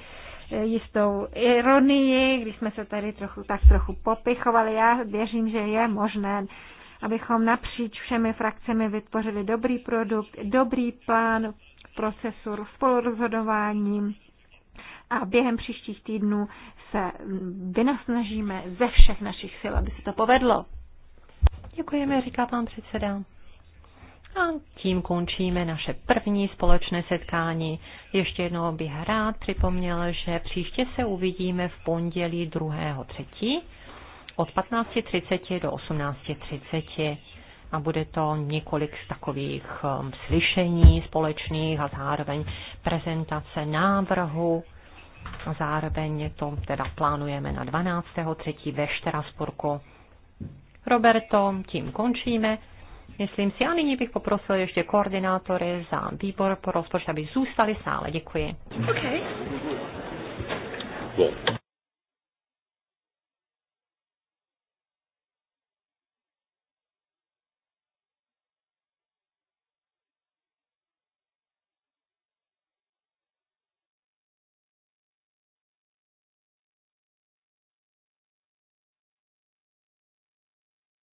eh, jistou ironii, když jsme se tady trochu, tak trochu popichovali. Já věřím, že je možné, abychom napříč všemi frakcemi vytvořili dobrý produkt, dobrý plán procesu spolurozhodování a během příštích týdnů se mm, vynasnažíme ze všech našich sil, aby se to povedlo. Děkujeme, říká pán předseda. A tím končíme naše první společné setkání. Ještě jednou bych rád připomněl, že příště se uvidíme v pondělí 2.3. od 15.30 do 18.30 a bude to několik takových um, slyšení společných a zároveň prezentace návrhu. A zároveň to teda plánujeme na 12.3. ve Štrasburku. Roberto, tím končíme myslím si. A nyní bych poprosil ještě koordinátory za výbor pro rozpočet, aby zůstali sále. Děkuji. Okay.